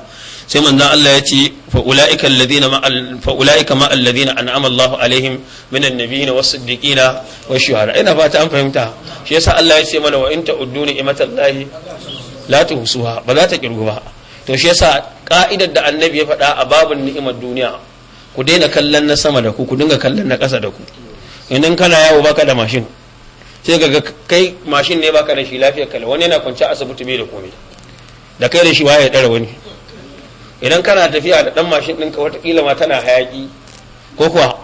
sai manzon Allah ya ce fa ulaika alladhina ma fa ulaika ma alladhina an'ama Allahu alaihim minan nabiyina was-siddiqina wash-shuhada ina fata an fahimta shi yasa Allah ya ce mana wa in ta'uddu ni'matallahi la tuhsuha ba za ta kirgu ba to shi yasa ka'idar da annabi ya faɗa a babin ni'imar duniya ku daina kallon na sama da ku ku dinga kallon na ƙasa da ku idan kana yawo baka da mashin sai ga kai mashin ne baka da shi lafiyar kala wani yana kwanci asibiti bai da komai da kai da shi waye ya wani idan kana tafiya da dan mashin ɗinka watakila ma tana hayaki ko kuwa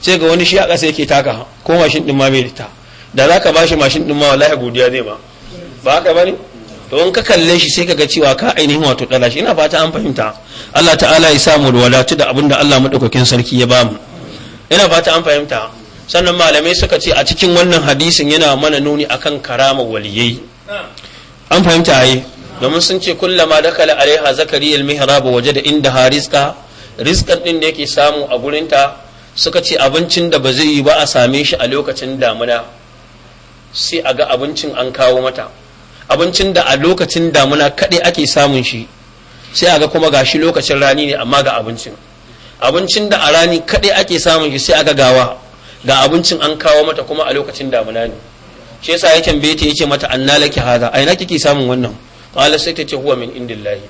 sai ga wani shi a ƙasa yake taka ko mashin ɗin ma bai da ta da za ka ba shi mashin ɗin ma wallahi godiya zai ba ba haka bane to in ka kalle shi sai kaga cewa ka ainihin wato dala shi ina fata an fahimta Allah ta'ala ya samu da wadatu da abinda Allah madaukakin sarki ya bamu ina fata an fahimta sannan malamai suka ce a cikin wannan hadisin yana mana nuni akan karama waliyai an fahimta ai domin sun ce kullama dakala alaiha zakariya almihrab waje wajada inda hariska rizqan din da yake samu a gurinta suka ce abincin da ba zai yi ba a same shi a lokacin damuna sai a ga abincin an kawo mata abincin da a lokacin damuna kaɗai ake samun shi sai a ga kuma gashi lokacin rani ne amma ga abincin abincin da a rani kaɗai ake samun shi sai a ga gawa ga abincin an kawo mata kuma a lokacin damuna ne shi yasa ya tambaye ta mata anna laki hada aina kike samun wannan qala sai ta ce huwa min indillahi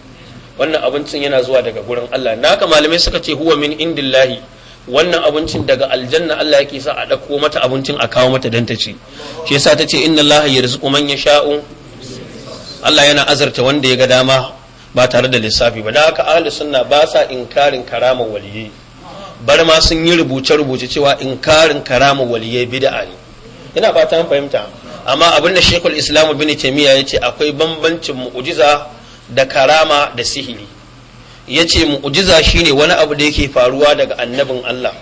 wannan abincin yana zuwa daga gurin Allah naka malamai suka ce huwa min indillahi wannan abincin daga aljanna Allah yake sa a dauko mata abincin a kawo mata dan ta ce. shi yasa ta ce inna Allah yarzuqu man yasha'u Allah yana azarta wanda ya ga dama ba tare da lissafi ba da haka Ali sunna ba sa inkarin karamar waliyyi bar ma sun yi rubuce rubuce cewa inkarin karamar waliyyi bid'a ne ina fata an fahimta amma abin da Sheikhul Islam Ibn ya ce, akwai bambancin mu'ujiza da karama da sihiri yace mu'jiza shine wani abu da yake faruwa daga annabin Allah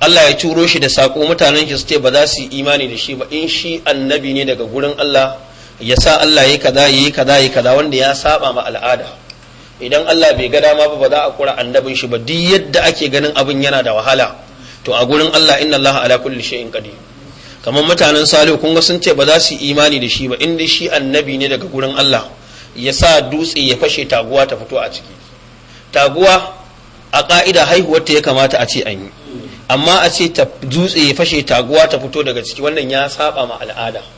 Allah ya turo shi da saƙo. mutanen shi su ce ba za su yi imani da shi ba in shi annabi ne daga gurin Allah ya sa Allah yi kaza yi kaza yi kaza wanda ya saba ma al'ada idan Allah bai ga dama ba za a kura annabin shi ba duk yadda ake ganin abin yana da wahala to a gurin Allah inna Allah ala kulli shay'in qadir kamar mutanen Salihu kun ga sun ce ba za su yi imani da shi ba inda shi annabi ne daga gurin Allah ya sa dutse ya fashe taguwa ta fito a ciki taguwa a ka'ida haihuwar ta ya kamata a ce an yi amma a ce ta dutse ya fashe taguwa ta fito daga ciki wannan ya saba ma al'ada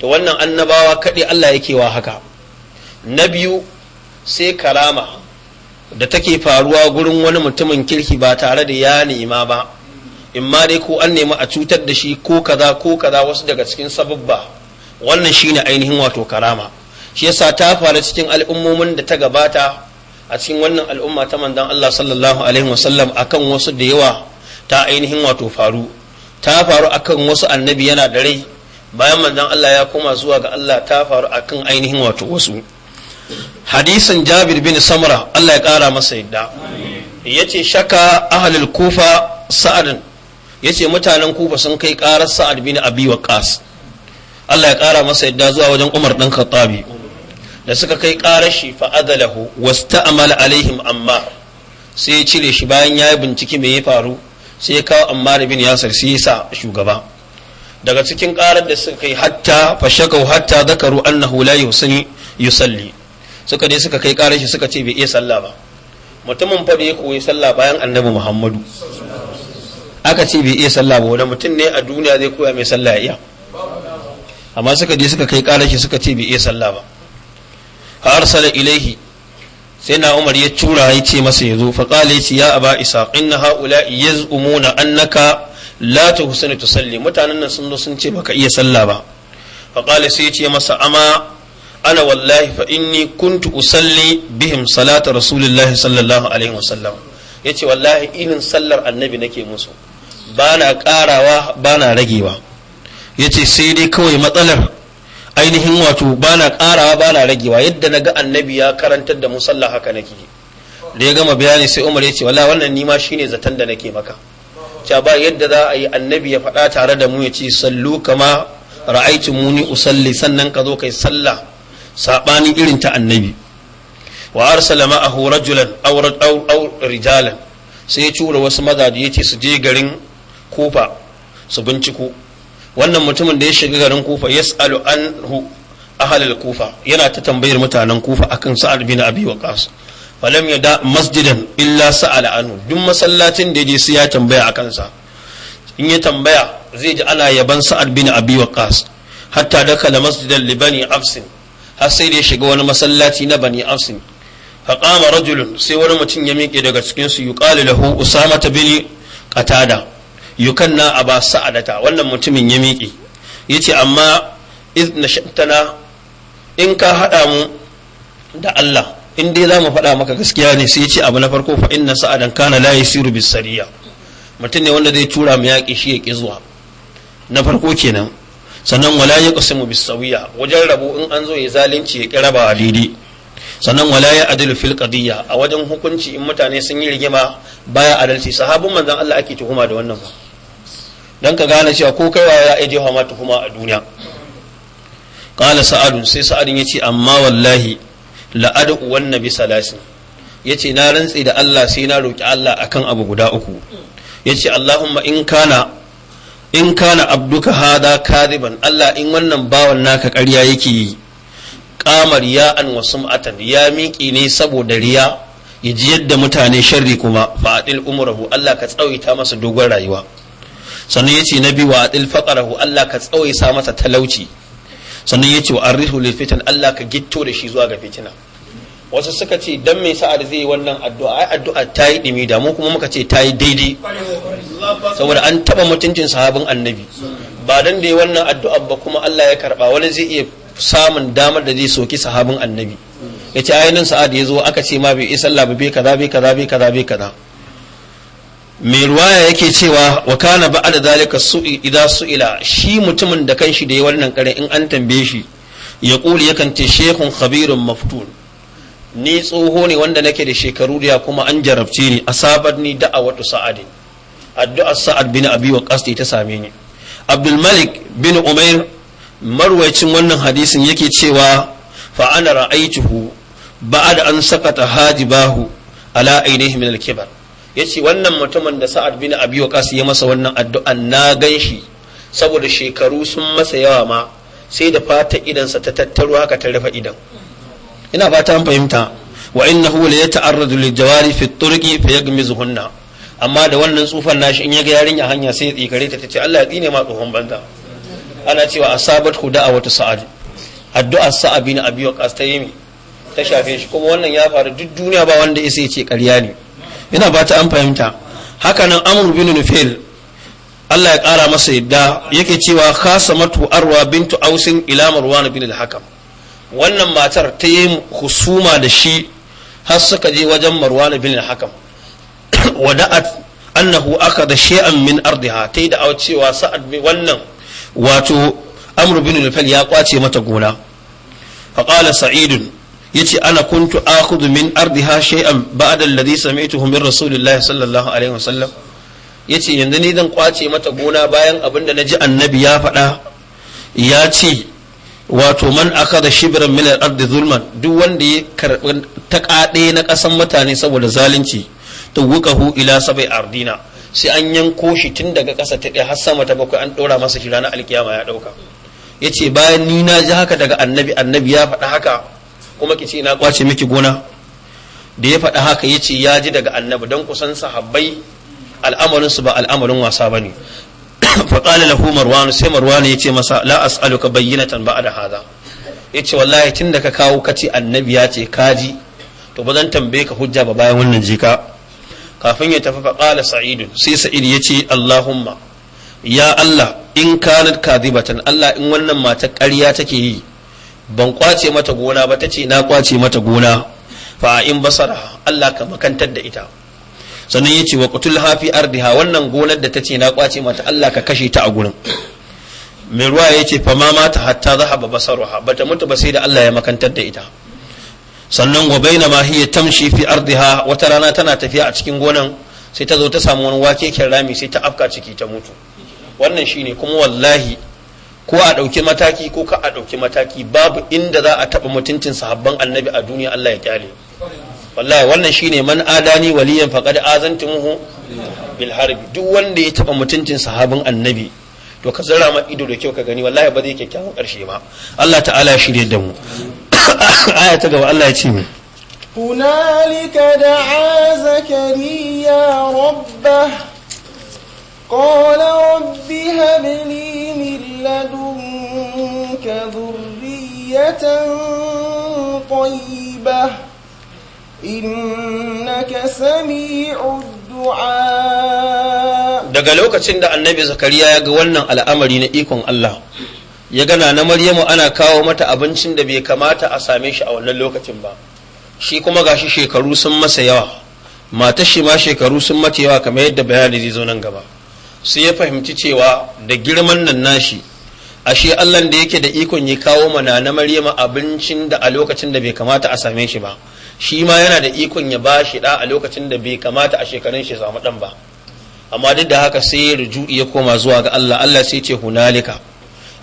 to wannan annabawa kaɗai Allah yake wa haka na biyu sai karama da take faruwa gurin wani mutumin kirki ba tare da ya nema ba in ma dai ko an nemi a cutar da shi ko kaza ko kaza wasu daga cikin sababba wannan shine ainihin wato karama shi yasa ta faru cikin al'ummomin da ta gabata a cikin wannan al'umma ta mandan Allah sallallahu alaihi wasallam akan wasu da yawa ta ainihin wato faru ta faru akan wasu annabi yana da rai bayan manzon Allah ya koma zuwa ga Allah ta faru akan ainihin wato wasu Hadisan Jabir bin Samra Allah ya kara masa yadda yace shaka ahlul Kufa Sa'ad yace mutanen Kufa sun kai karar Sa'ad bin Abi Waqqas Allah ya kara masa yadda zuwa wajen Umar dan Khattabi da suka kai karar shi fa adalahu wasta'mala alaihim amma sai ya cire shi bayan ya yi bincike mai ya faru sai ya kawo amma bin yasar sai ya sa shugaba daga cikin karar da suka kai hatta fashakau hatta zakaru annahu la yusani yusalli suka je suka kai karar shi suka ce bai iya sallah ba mutumin fa da ya koyi sallah bayan annabi muhammadu aka ce bai iya sallah ba mutum ne a duniya zai koya mai sallah iya amma suka je suka kai karar shi suka ce bai iya sallah ba fa arsala ilaihi sai na umar ya tura ya ce masa ya zo fa qala ya aba isa inna haula yaz'umuna annaka la ta husani ta salli mutanen nan sun zo sun ce baka iya sallah ba fa qala sai ya ce masa ama ana wallahi fa inni kuntu usalli bihim salata rasulillahi sallallahu alaihi wasallam yace wallahi irin sallar annabi nake musu ba na karawa ba na ragewa yace sai dai kawai matsalar ainihin wato ba na karawa ba na ragewa yadda na ga annabi ya karantar da musalla haka nake da ya gama bayani sai umar ya ce wala wannan nima shine zaton da nake maka cewa ba yadda za a yi annabi ya faɗa tare da mu ya ce sallu kama ra'aitu muni usalli sannan ka zo kai sallah sabanin irin ta annabi wa arsala ma'ahu rajulan aw aw rijalan sai ya tura wasu mazaje ya ce su je garin kufa su binciko wannan mutumin da ya shiga garin kufa yas'alu anhu ahlul kufa yana ta tambayar mutanen kufa akan sa'ad bin abi waqas falam ya da masjidan illa sa'ala anhu duk masallacin da je sai ya tambaya a kansa in ya tambaya zai ji ana yaban sa'ad bin abi waqas hatta dakala masjidan li bani afsin har sai da ya shiga wani masallaci na bani afsin fa qama rajulun sai wani mutum ya miƙe daga cikin su yuqalu lahu usama bin qatada yukanna aba sa'adata wannan mutumin ya miƙe yace amma idh in ka hada mu da Allah in dai za mu faɗa maka gaskiya ne sai ce abu na farko fa inna sa'adan kana la yasiru bis sariya mutum ne wanda zai tura mu yaki shi ya ƙi zuwa na farko kenan sannan wala ya qasimu bis sawiya wajen rabu in an zo ya zalunci ya ƙi raba daidai sannan wala ya adilu fil qadiyya a wajen hukunci in mutane sun yi rigima baya adalci sahabin manzon Allah ake tuhuma da wannan dan ka gane cewa ko kai ya aje ma tuhuma a duniya qala sa'adun sai sa'adun yace amma wallahi la'adu wan nabi salasin yace na rantsi da Allah sai na roki Allah akan abu guda uku yace Allahumma in kana in kana abduka hada kadiban Allah in wannan bawan naka ƙarya yake yi kamar ya an wasu ya miƙi ne saboda riya ya ji yadda mutane sharri kuma fa'adil umurahu Allah ka tsawaita masa dogon rayuwa sannan yace ce na biyu faqarahu faƙarahu Allah ka tsawaita masa talauci sannan yace wa arrihu lil fitan Allah ka gitto da shi zuwa ga fitina wasu suka ce dan me sa'ad zai wannan addu'a ai addu'a ta yi dimi da mu kuma muka ce ta yi daidai saboda an taba mutuncin sahabin annabi ba dan da yi wannan addu'a ba kuma Allah ya karba wani zai iya samun damar da zai soki sahabin annabi yace ayinin sa'ad ya zo aka ce ma bai isalla Allah ba kaza bai kaza bai kaza bai kaza mai ruwaya yake cewa wa kana da zalika su'i su'ila shi mutumin da kanshi da ya wannan karin in an tambaye shi ya kuli yakan ce shekun khabirun maftun ni tsoho ne wanda nake da shekaru da kuma an jarabce ni asabar ni wata sa'adin addu'ar sa'ad bin abi wa qasti ta same ni abdul malik bin umair marwayacin wannan hadisin yake cewa fa ana ra'aituhu ba'da an sakata hajibahu ala ainihi min al-kibar ya ce wannan mutumin da sa'ad bin abi waqas ya masa wannan addu'an na gan shi saboda shekaru sun masa yawa ma sai da fata idansa ta tattaro haka ta rufe idan ina fata an fahimta wa innahu la yata'arradu lil jawari fi turqi fa yagmizuhunna amma da wannan tsufan nashi in ya ga yarinya hanya sai ya tsikare ta tace Allah ya tsine ma tsohon banza ana cewa asabat da'a wata sa'ad addu'ar sa'abi na abi waqas ta yi ta shafe shi kuma wannan ya faru duk duniya ba wanda ya ce ƙarya ne yana ba ta an fahimta hakanan amur bin nufil Allah ya kara masa yadda yake cewa kasa matu arwa bintu ausin ila marwan bin al wannan matar ta yi husuma da shi har suka je wajen marwan bin al-hakam [coughs] wada'at annahu da shi'an min ardiha ta yi da cewa sa'ad bin wannan wato amur bin nufil ya kwace mata gona faqala sa'idun yace ana kuntu akhudhu min ardiha shay'an ba'da alladhi sami'tuhu min rasulillah sallallahu alaihi wasallam yace yanzu ni zan kwace mata gona bayan abin da naji annabi ya faɗa ya ce wato man akhadha shibran min al-ardi zulman duk wanda ya ta takade na kasan mutane saboda zalunci to wuqahu ila sabai ardina sai an yanko shi tun daga ƙasa ta har sama ta bakwai an ɗora masa shi ranar alkiyama ya ɗauka yace bayan ni na ji haka daga annabi annabi ya faɗa haka kuma ki ce na kwace miki gona da ya faɗa haka ya ce ya ji daga annabi don kusan sahabbai su ba al'amarin wasa ba ne [coughs] faƙala lahu marwanu sai marwanu ya ce masa la as'aluka bayyinatan ba da haza ya ce wallahi tun da ka kawo kace annabi ya ce kaji to ba zan tambaye ka hujja ba bayan wannan jika kafin ya tafi faƙala sa'idu sai Sa'idu ya ce allahumma ya allah in kanat kadibatan allah in wannan mata ƙarya take yi ban kwace mata gona ba ta ce na kwace mata gona fa in basara Allah ka makantar da ita sannan ya ce wa kutul hafi ardiha wannan gonar da ta ce na kwace mata Allah ka kashe ta a gurin mai ruwa ya ce fa ma mata hatta za zahaba basaruha bata mutu ba sai da Allah ya makantar da ita sannan wa na ma hiya tamshi fi ardiha wata rana tana tafiya a cikin gonan sai ta zo ta samu wani wake rami sai ta afka ciki ta mutu wannan shine kuma wallahi ko a ɗauki mataki ko ka a ɗauki mataki babu inda za a taɓa mutuncin sahabban annabi a duniya Allah ya kyale wallahi wannan shine man adani waliyan faqad azantumuhu bil harbi duk wanda ya taɓa mutuncin sahabin annabi to ka zara ma ido da kyau ka gani wallahi ba zai kyakkyawan ƙarshe ba Allah ta'ala shirye da mu [coughs] aya ta gaba Allah ya ce mu da دعا zakariya ربه قال رب هب لي من لدنك ذرية طيبة إنك سميع الدعاء daga lokacin da annabi zakariya ya ga wannan al'amari na ikon Allah ya gana na maryamu ana kawo mata abincin da bai kamata a same shi a wannan lokacin ba shi kuma gashi shekaru sun masa yawa matar shi ma shekaru sun mata yawa kamar yadda bayani zai zo nan gaba sai ya fahimci cewa da girman nan nashi ashe Allah da yake da ikon ya kawo mana na Maryama abincin da a lokacin da bai kamata a same shi ba shi ma yana da ikon ya ba shi da a lokacin da bai kamata a shekarun shi samu dan ba amma duk da haka sai ruju'i ya koma zuwa ga Allah Allah sai ce hunalika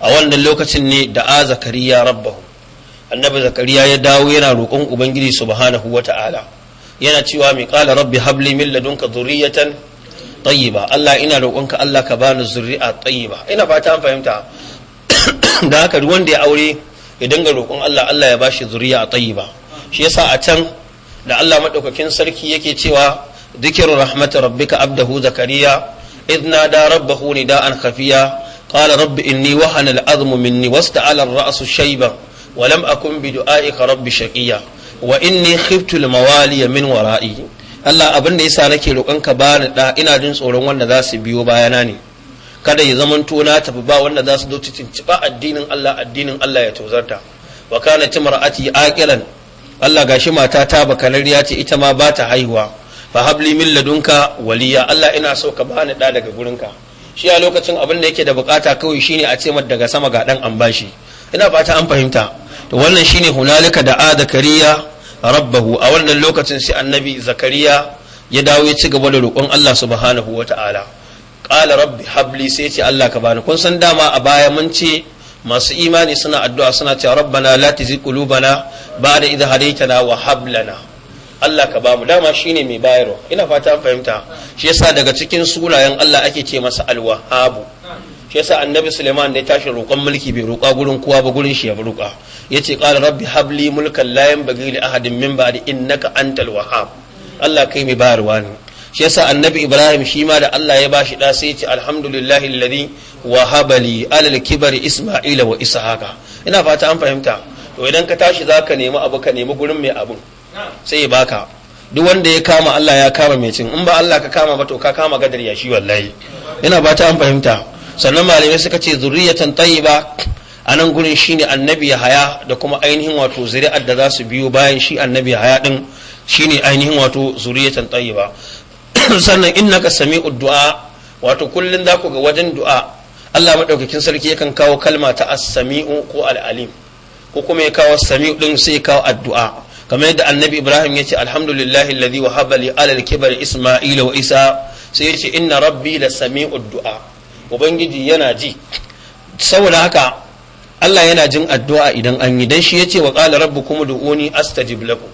a wannan lokacin ne da a zakariya rabbahu annabi zakariya ya dawo yana roƙon ubangiji subhanahu wata'ala yana cewa mai qala rabbi habli min ladunka dhurriyatan tayyiba Allah ina roƙonka Allah ka bani zuri'a tayyiba ina fata an fahimta [coughs] da haka wanda ya aure ya dinga roƙon Allah Allah ya bashi zuri'a tayyiba shi yasa a can da Allah madaukakin sarki yake cewa dhikru rahmatir rabbika abdahu zakariya idh da rabbahu nidaan khafiya قال رب إني وهن العظم مني واستعل الرأس شيبا ولم أكن بدعائك رب شقيا وإني خفت الموالي min wara'i Allah abin da yasa nake roƙon ka bani da ina jin tsoron wanda za su biyo bayana ne kada ya zaman na tafi ba wanda za su zo cinciba addinin Allah addinin Allah ya tozarta wa kana timra'ati aqilan Allah gashi mata ta bakanariya ce ita ma ba ta haihuwa fa habli min ladunka waliya Allah ina so ka bani da daga gurin ka. shi a lokacin abin da yake da bukata kawai shine a ce daga sama ga dan an bashi ina fata an fahimta to wannan shine hunalika da a da kariya rabbahu a wannan lokacin sai annabi zakariya ya dawo ya ci gaba da roƙon Allah subhanahu ta'ala. qala rabbi habli sai ce Allah ka bani kun san dama a baya mun ce masu imani suna addu'a suna cewa rabbana la tuzigh qulubana ba'da idh hadaytana wa hab lana Allah ka bamu dama shine mai bayarwa ina fata an fahimta shi yasa daga cikin sunayen Allah ake ce masa alwahabu shi yasa annabi suleiman da ya tashi roƙon mulki bai roƙa gurin kowa ba gurin shi ya roƙa yace qala rabbi habli mulkan la yanbaghi li ahadin min ba'di innaka antal wahhab Allah kai mai bayarwa ne shi yasa annabi ibrahim shi ma da Allah ya bashi da sai ce alhamdulillahi alladhi wahaba li alal kibar isma'ila wa ishaqa ina fata an fahimta to idan ka tashi zaka nemi abu ka nemi gurin mai abun sai ya baka duk wanda ya kama Allah ya kama mai cin in ba Allah ka kama ba to ka kama gadar ya shi wallahi ina fata an fahimta sannan malamai suka ce zurriyatan tayyiba a nan gurin shine annabi haya da kuma ainihin wato zuri'ar da za su biyo bayan shi annabi haya din shine ainihin wato zuriyatan tayyiba [coughs] sannan innaka sami du'a wato kullun za ku ga wajen du'a Allah madaukakin sarki yakan kawo kalma ta as-sami'u ko al-alim ko kuma ya kawo sami'u din sai ya kawo addu'a kamar yadda annabi Ibrahim ya ce alhamdulillahi alladhi wahaba li kibar al-kibri isma'ila wa isa sai ya ce inna rabbi la sami'ud du'a ubangiji yana ji saboda haka Allah yana jin addu'a idan an yi dan shi ya ce wa qala kuma du'uni astajib lakum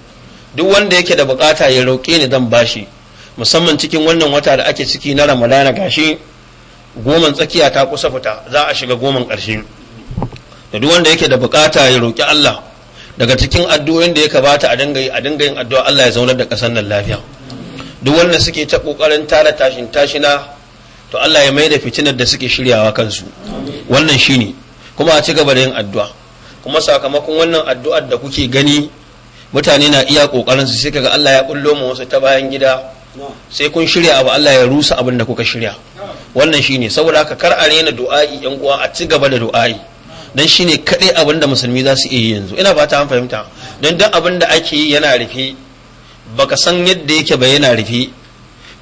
duk wanda yake da bukata ya roƙe ni zan bashi musamman cikin wannan wata da ake ciki na ramadana gashi goman tsakiya ta kusa fita za a shiga goman ƙarshe da duk wanda yake da bukata ya roƙi Allah daga cikin addu'o'in da ya kabata a dinga a dinga yin addu'a Allah ya zaunar da ƙasar nan lafiya duk wanda suke ta kokarin tara tashin tashina to Allah ya mai da fitinar da suke shiryawa kansu wannan ne kuma a ci gaba da yin addu'a kuma sakamakon wannan addu'ar da kuke gani mutane na iya ƙoƙarin su sai kaga Allah ya bullo mu wasu ta bayan gida sai kun shirya abu Allah ya rusa abin da kuka shirya wannan ne saboda haka kar a rena du'a'i yan uwa a ci gaba da du'a'i dan ne kaɗai abin da musulmi za su iya yanzu ina fata an fahimta dan duk abin da ake yi yana rufe baka san yadda yake ba yana rufe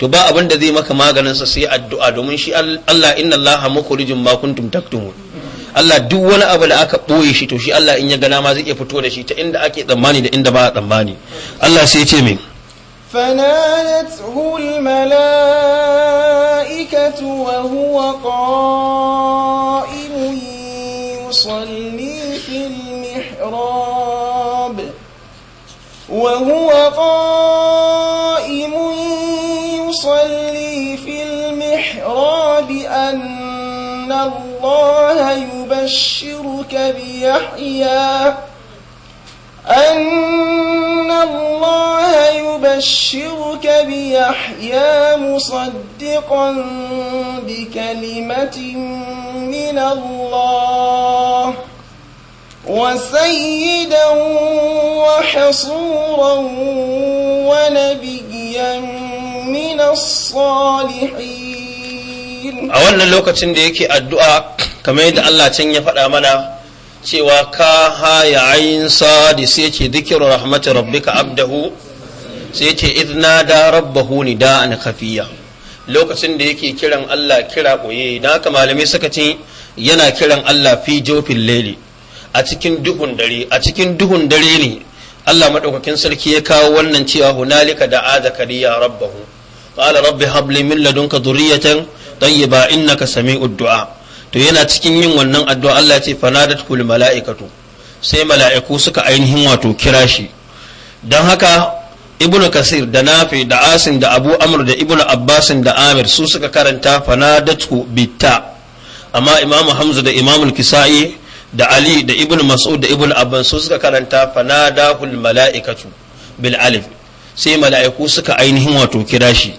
to ba abin da zai maka maganin sa sai addu'a domin shi Allah inna Allah mukhrijum ma kuntum taktumun Allah duk wani abu da aka boye shi to shi Allah in ya gana ma zai iya fito da shi ta inda ake tsammani da inda ba a tsammani Allah sai ya ce me wa huwa وهو yusalli fil mihrab wa huwa قائم إن الله يبشرك بيحيى أن الله يبشرك بيحيى مصدقا بكلمة من الله وسيدا وحصورا ونبيا من الصالحين a wannan lokacin da yake addu'a kamar yadda Allah can ya faɗa mana cewa ka haya ayin sadi sai yake zikirin rahmatu rabbika abdahu sai yake idna da rabbahu ni da kafiya lokacin da yake kiran Allah kira koye da haka malamai suka ce yana kiran Allah fi jofin leli a cikin duhun dare a cikin duhun dare ne Allah madaukakin sarki ya kawo wannan cewa hunalika da a zakariya rabbahu qala rabbi habli min ladunka dhurriyatan tayyiba innaka sami'ud du'a to yana cikin yin wannan addu'a Allah ya ce fanadat kul mala'ikatu sai mala'iku suka ainihin wato kira shi dan haka ibnu kasir da nafi da Asin da abu amr da ibnu abbas da amir su suka karanta fanadatu bitta amma imam hamza da imam kisa'i da ali da ibn mas'ud da ibn abbas su suka karanta fanadahul mala'ikatu bil alif sai mala'iku suka ainihin wato kira shi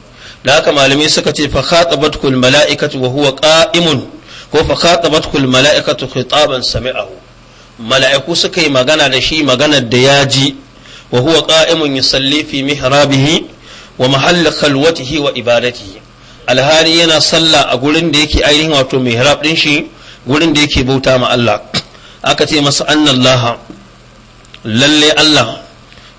da haka malamai suka ce fa khatabatkul mala'ikatu wa huwa qa'imun ko fa khatabatkul mala'ikatu khitaban sami'ahu mala'iku suka yi magana da shi maganar da ya ji wa huwa qa'imun yusalli fi mihrabihi wa mahalli khalwatihi wa ibadatihi alhali yana sallah a gurin da yake ainihin wato mihrab din shi gurin da yake bauta ma Allah [clears throat] aka ce masa annallaha lalle Allah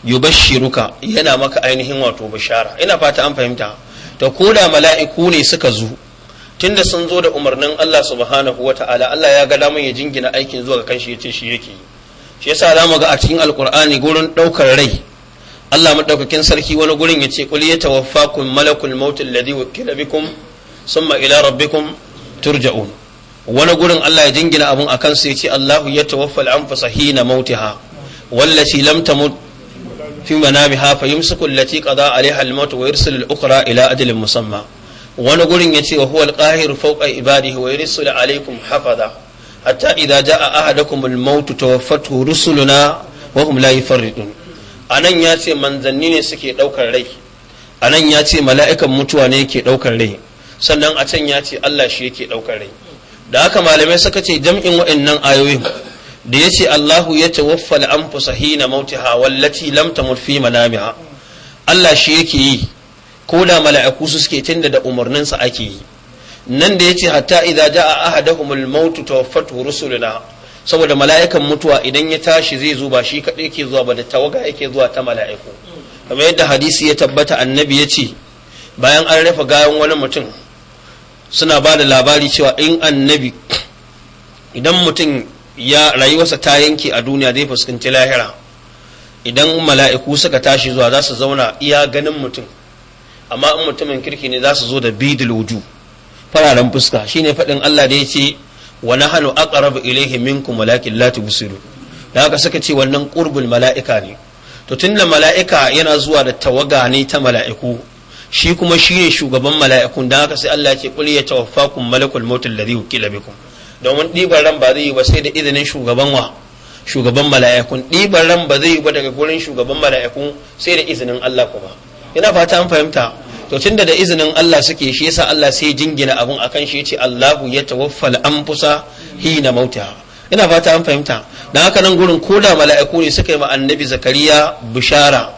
yubashshiruka yana maka ainihin wato bishara ina fata an fahimta Da ko mala'iku ne suka zo tunda sun zo da umarnin Allah subhanahu wata'ala Allah ya ga damun ya jingina aikin zuwa ga kanshi ce shi yake shi yasa za mu ga a cikin alkur'ani gurin ɗaukar rai Allah madaukakin sarki wani gurin yace qul yatawaffakum malakul maut alladhi wakila bikum summa ila rabbikum turja'un wani gurin Allah ya jingina abun akan su yace Allahu ya al-anfusa hina mautiha Wallashi lam tamut fi manamiha fa yumsiku allati qada alaiha al-maut wa yursilu al-ukhra ila ajalin musamma wani gurin ya ce wa huwa al-qahir fawqa ibadihi wa yursilu alaikum hafaza hatta idza jaa ahadakum al-maut tawaffathu rusuluna wa hum la yufarridun anan ya ce manzanni ne suke daukar rai anan ya ce mala'ikan mutuwa ne yake daukar rai sannan a can ya ce Allah shi yake daukar rai da haka malamai suka ce jam'in wa'annan ayoyin da ya ce Allahu ya tawaffa al-anfusa hina mautiha wallati lam tamut fi manamiha Allah shi yake yi ko da mala'iku su suke tunda da umarnin sa ake yi nan da yace hatta idza jaa ahaduhumul maut tawaffatu rusuluna saboda mala'ikan mutuwa idan ya tashi zai zo ba shi kadai yake zuwa ba da tawaga yake zuwa ta mala'iku kamar yadda hadisi ya tabbata annabi ya ce bayan an rafa gayan wani mutum suna ba da labari cewa in annabi idan mutum ya rayuwarsa ta yanke a duniya zai fuskanci lahira idan mala'iku suka tashi zuwa za su zauna iya ganin mutum amma in mutumin kirki ne za su zo da bidil wuju fararen fuska shine faɗin Allah da ya ce wa nahnu aqrabu ilayhi minkum walakin la tubsiru da haka suka ce wannan qurbul mala'ika ne to tunda mala'ika yana zuwa da tawaga ne ta mala'iku shi kuma shine shugaban mala'ikun da haka sai Allah ya ce qul yatawaffakum malakul maut alladhi wukila bikum domin ɗiban ran ba zai yi ba sai da izinin shugaban wa shugaban mala'ikun ɗiban ran ba zai yi ba daga gurin shugaban mala'ikun sai da izinin Allah kuma ina fata an fahimta to tunda da izinin Allah suke shi yasa Allah sai jingina abun akan shi yace Allahu ya tawaffal anfusa hina mautaha ina fata an fahimta dan haka nan gurin koda mala'iku ne suka yi ma annabi zakariya bishara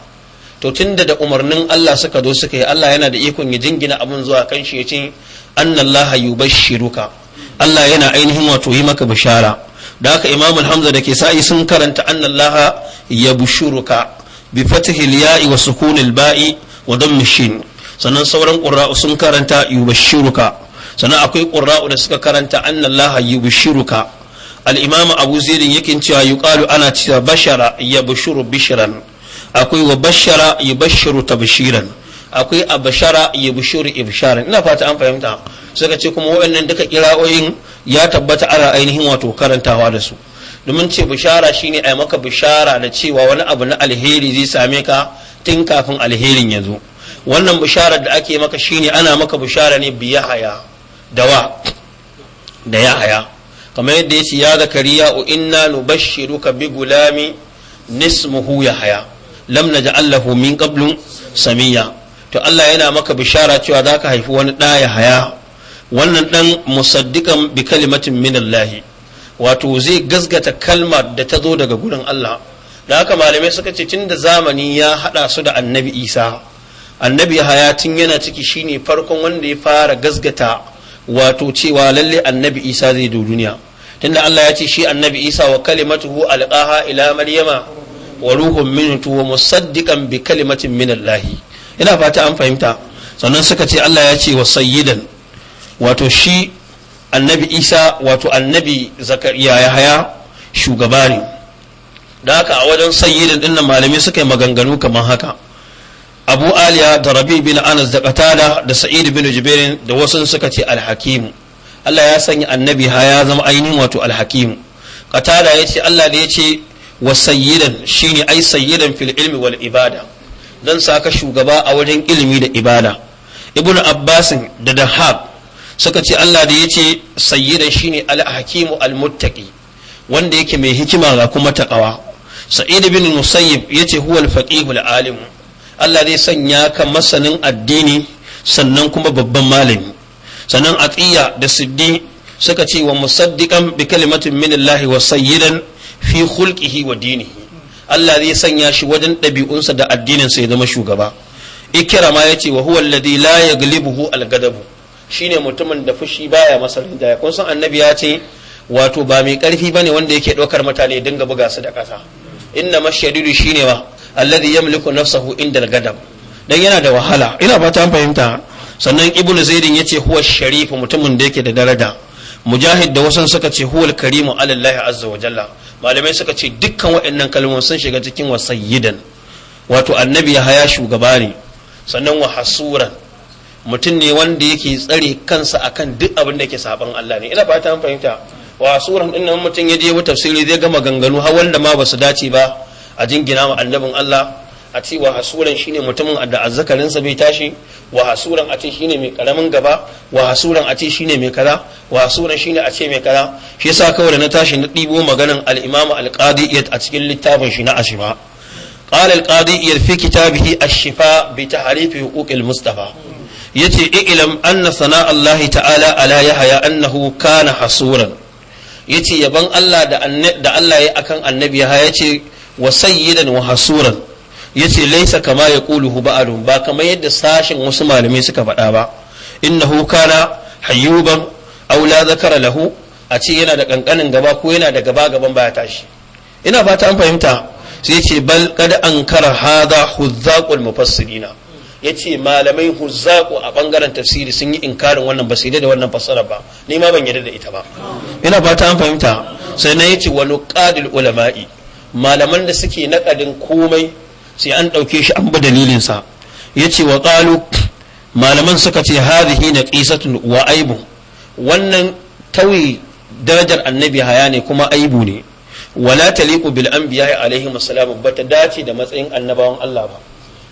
to tunda da umarnin Allah suka zo suka yi Allah yana da ikon ya jingina abun zuwa kan shi yace annallaha yubashshiruka Allah yana ainihin wato yi maka bishara da haka imamul hamza da ke sa'i sun karanta annallaha ya bushuruka bi fatihil ya'i wa sukunil ba'i wa dammi sannan sauran ƙura'u sun karanta yubashiruka sannan akwai ƙura'u da suka karanta annallaha ya al-imam abu zaidin yakin cewa yuqalu ana cewa bashara ya bushuru bishiran akwai wa bashara ta bishiran akwai abashara yubshiru ibsharan ina fata an fahimta suka ce kuma waɗannan duka kiraoyin ya tabbata ana ainihin wato karantawa da su domin ce bishara shine a maka bishara da cewa wani abu na alheri zai same ka tun kafin alherin ya zo wannan bishara da ake maka shine ana maka bishara ne biya haya da wa da ya haya kamar yadda ya ce ya zakariya o inna nubashshiruka bi gulami nismuhu ya haya lam naj'al lahu min kablun samiya to Allah yana maka bishara cewa zaka haifi wani ɗa ya haya wannan dan musaddiqan bi kalimatin min Allah wato zai gazgata kalma da ta zo daga gurin Allah da haka malamai suka ce tunda zamani ya hada su da annabi Isa annabi hayatin yana ciki shine farkon wanda ya fara gazgata wato cewa lalle annabi Isa zai do duniya tunda Allah ya ce shi annabi Isa wa kalimatuhu alqaha ila maryama wa ruhun minhu wa musaddiqan bi kalimatin min Allah ina fata an fahimta sannan suka ce Allah ya ce wa sayyidan wato shi annabi isa wato annabi zakariya ya haya shugaba ne da haka a wajen sayyidin dinnan malamai suka yi maganganu kamar haka abu aliya da rabi bin anas da qatada da sa'id bin jibrin da wasu suka ce alhakim Allah ya sanya annabi haya zama ainihin wato alhakim Katada ya ce Allah da ya ce wa sayyidan shine ai sayyidan fil ilmi wal ibada dan saka shugaba a wajen ilimi da ibada ibnu abbasin da dahab suka ce Allah da yace sayyidan shine al-hakimu al-muttaqi wanda yake mai hikima ga kuma taqawa sa'id bin musayyib yace huwa al-faqih al-alim Allah zai sanya ka masanin addini sannan kuma babban malami sannan atiya da siddi suka ce wa musaddiqan bi kalimatin min Allah wa sayyidan fi khulqihi wa dinihi Allah zai sanya shi wajen ɗabi'unsa da addinin sa ya zama shugaba ikira ma yace wa huwa alladhi la buhu al gadabu shine mutumin da fushi baya masa rinjaya kun san annabi ya ce wato ba mai karfi bane wanda yake ɗaukar mutane dinga buga su da kasa inna mashadidu shine wa alladhi yamliku nafsahu inda gadab dan yana da wahala ina fata an fahimta sannan ibnu zaidin yace huwa sharifu mutumin da yake da daraja mujahid da wasan suka ce huwal karimu alallahi azza wa jalla malamai suka ce dukkan waɗannan kalmomin sun shiga cikin wasayyidan wato annabi ya haya shugaba ne sannan wa hasuran mutum ne wanda yake tsare kansa akan duk abin da ke saban Allah ne ina fata an fahimta wa suran din nan mutum ya je wa tafsiri zai ga maganganu har wanda ma basu dace ba a jingina ma annabin Allah a ce wa shine mutumin da azzakarin sa bai tashi wa a ce shine mai karamin gaba wa hasuran a ce shine mai kaza wa shine a ce mai kaza shi yasa kawai da na tashi na ɗibo maganan al-Imam al-Qadi a cikin littafin shi na Ashifa qala al-Qadi fi kitabihi ash-shifa bi mustafa yace ilam anna sana Allah ta'ala ala yahya annahu kana hasuran yace yaban Allah da da Allah ya akan annabi ya yace wa sayyidan wa hasuran yace laisa kama yaquluhu ba'dun ba kamar yadda sashin wasu malamai suka faɗa ba innahu kana hayyuban aw la zakara lahu a ce yana da kankanin gaba ko yana da gaba gaban baya tashi ina fata an fahimta sai ce bal kad ankara hadha huzzaqul mufassirina ya ce malamai huzzaku a bangaren tafsiri sun yi inkarin wannan basire da wannan fassara ba ni ma ban yarda da ita ba ina fata an fahimta sai na yace wa nuqadil ulama'i malaman da suke naƙadin komai sai an ɗauke shi an bi dalilin sa yace wa qalu malaman suka ce hadhihi naqisatun wa aibu wannan tawi darajar annabi haya ne kuma aibu ne wala taliqu bil anbiya alaihi wasallam bata dace da matsayin annabawan Allah ba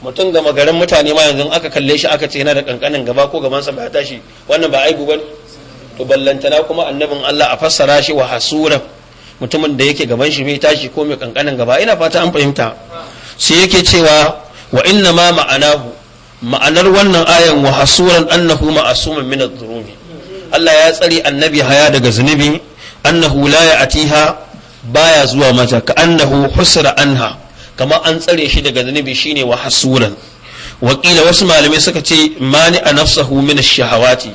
mutum gama garin mutane ma yanzu aka kalle shi aka ce yana da kankanin gaba ko gaban sa ba tashi wannan ba aibu bane to ballantana kuma annabin Allah a fassara shi wa hasura mutumin da yake gaban shi bai tashi ko mai kankanin gaba ina fata an fahimta sai yake cewa wa inna ma ma'anahu ma'anar wannan ayan wa hasuran annahu ma'asumun min adh-dhurumi Allah ya tsare annabi haya daga zunubi annahu la ya'tiha baya zuwa mata ka annahu husra anha kamar an tsare shi daga zunubi shine wa hasuran wakila wasu malamai suka ce mani a nafsahu min shahawati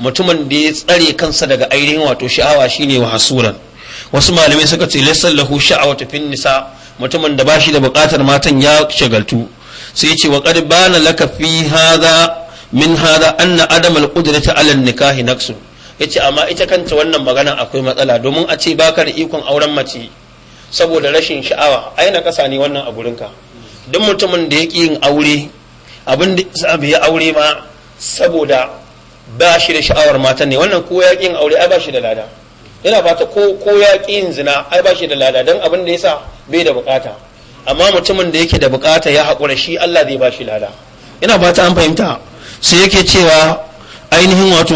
mutumin da ya tsare kansa daga ainihin wato sha'awa shine wa hasuran wasu malamai suka ce laysa lahu sha'awatu fin nisa mutumin da ba shi da bukatar matan ya shagaltu sai ce wa qad bana laka fi hadha min hadha anna adam al qudrati ala nikahi naqsu yace amma ita kanta wannan magana akwai matsala domin a ce baka da ikon auren mace saboda rashin sha'awa ai na kasa ne wannan a gurinka duk mutumin da ƙi yin aure abin da ya aure ma saboda ba shi da sha'awar matan ne wannan ko ya ƙi yin aure ai ba shi da lada yana fata ko ko ya yin zina ai ba shi da lada don abin da ya sa bai da bukata amma mutumin da yake da bukata ya haƙura shi Allah zai ba shi lada yana fata an fahimta sai yake cewa ainihin wato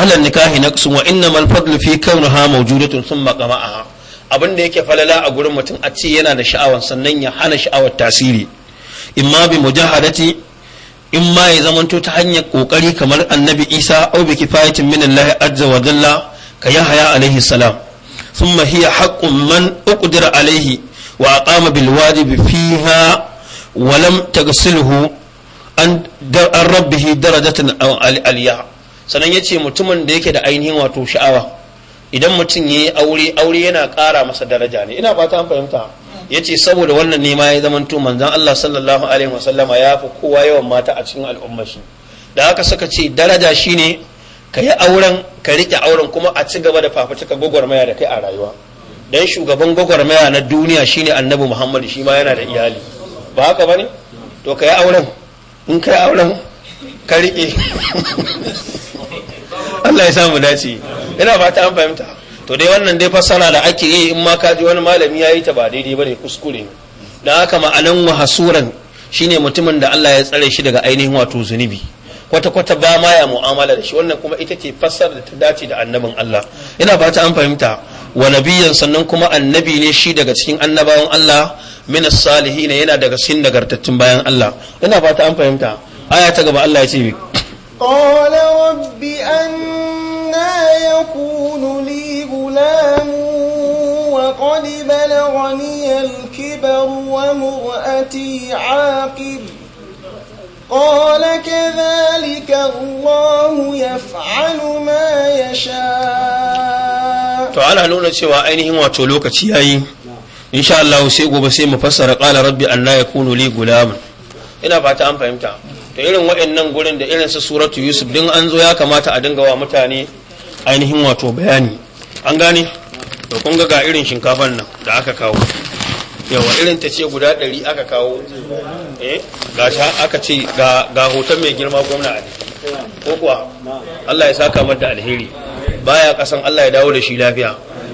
alal nikahi naqsu wa innamal fadlu fi kawnaha mawjudatun thumma qama'aha abin da yake falala a gurin mutum a ce yana da sha'awar sannan ya hana sha'awar tasiri imma bi mujahadati in ma ya zamanto ta hanyar kokari kamar annabi isa au bi kifayatin min Allah azza wa jalla ka yahya alaihi salam thumma hiya haqqun man uqdira alaihi wa aqama bil wajibi fiha wa lam taghsilhu an rabbih darajatan aw sannan yace mutumin da yake da ainihin wato sha'awa idan mutum ya yi aure aure yana ƙara masa daraja ne ina fata an fahimta ya ce saboda wannan nema ya zama to manzan Allah sallallahu alaihi wasallama ya fi kowa yawan mata a cikin al'ummar shi da haka suka ce daraja shine ka yi auren ka riƙe auren kuma a ci gaba da fafutuka gwagwarmaya da kai a rayuwa dan shugaban gwagwarmaya na duniya shine annabi Muhammad shi ma yana da iyali ba haka bane to ka yi auren in ka yi auren ka riƙe [laughs] Allah ya samu dace ina ba an fahimta to dai wannan dai fassara da ake yi in ma ka ji wani malami ya yi ta ba daidai bane kuskure dan haka ma'anan hasuran shine mutumin da Allah ya tsare shi daga ainihin wato zunubi kwata kwata ba ma ya mu'amala da shi wannan kuma ita ce fassar da ta dace da annabin Allah ina ba ta an fahimta wa nabiyyan sannan kuma annabi ne shi daga cikin annabawan Allah min salihin yana daga cikin nagartattun bayan Allah ina ba an fahimta aya ta gaba Allah ya ce qala rabbi يكون لي غلام وقد بلغني الكبر ومرأتي عاقب قال كذلك الله يفعل ما يشاء فعلى ana nuna cewa ainihin تيائي إن شاء الله سيقو بسيم فسر قال ربي أن لا يكون لي غلام إلا gulam ina fata an fahimta to irin waɗannan gurin da irin su suratu yusuf din an zo ya kamata a dinga wa mutane ainihin wato bayani an gane da kunga ga irin shinkafan nan da aka kawo yawa irin ta ce guda ɗari aka kawo eh ga aka ce ga hoton mai girma gwamna a ko kuwa Allah ya saka mata alheri baya kasan Allah ya dawo da shi lafiya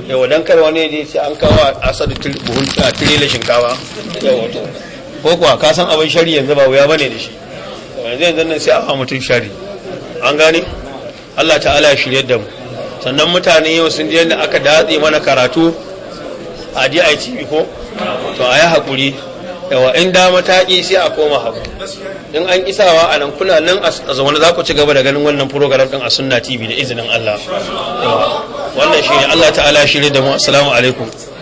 yawa dan kai wani ya ce an kawo asadu buhun tirela shinkafa yawa to ko kuwa ka san abin shari yanzu ba wuya bane da shi yanzu yanzu nan sai a mutum shari an gane Allah ta'ala ya shirye da mu sannan mutane yau sun je da aka datse mana karatu a DITV ko to a yi haƙuri yawa in dama ta ƙi sai a koma haƙu in an isawa a nan kuna nan a zaune za ku ci gaba da ganin wannan program ɗin a sunna tv da izinin allah wannan shi ne allah ta'ala shirya da mu assalamu alaikum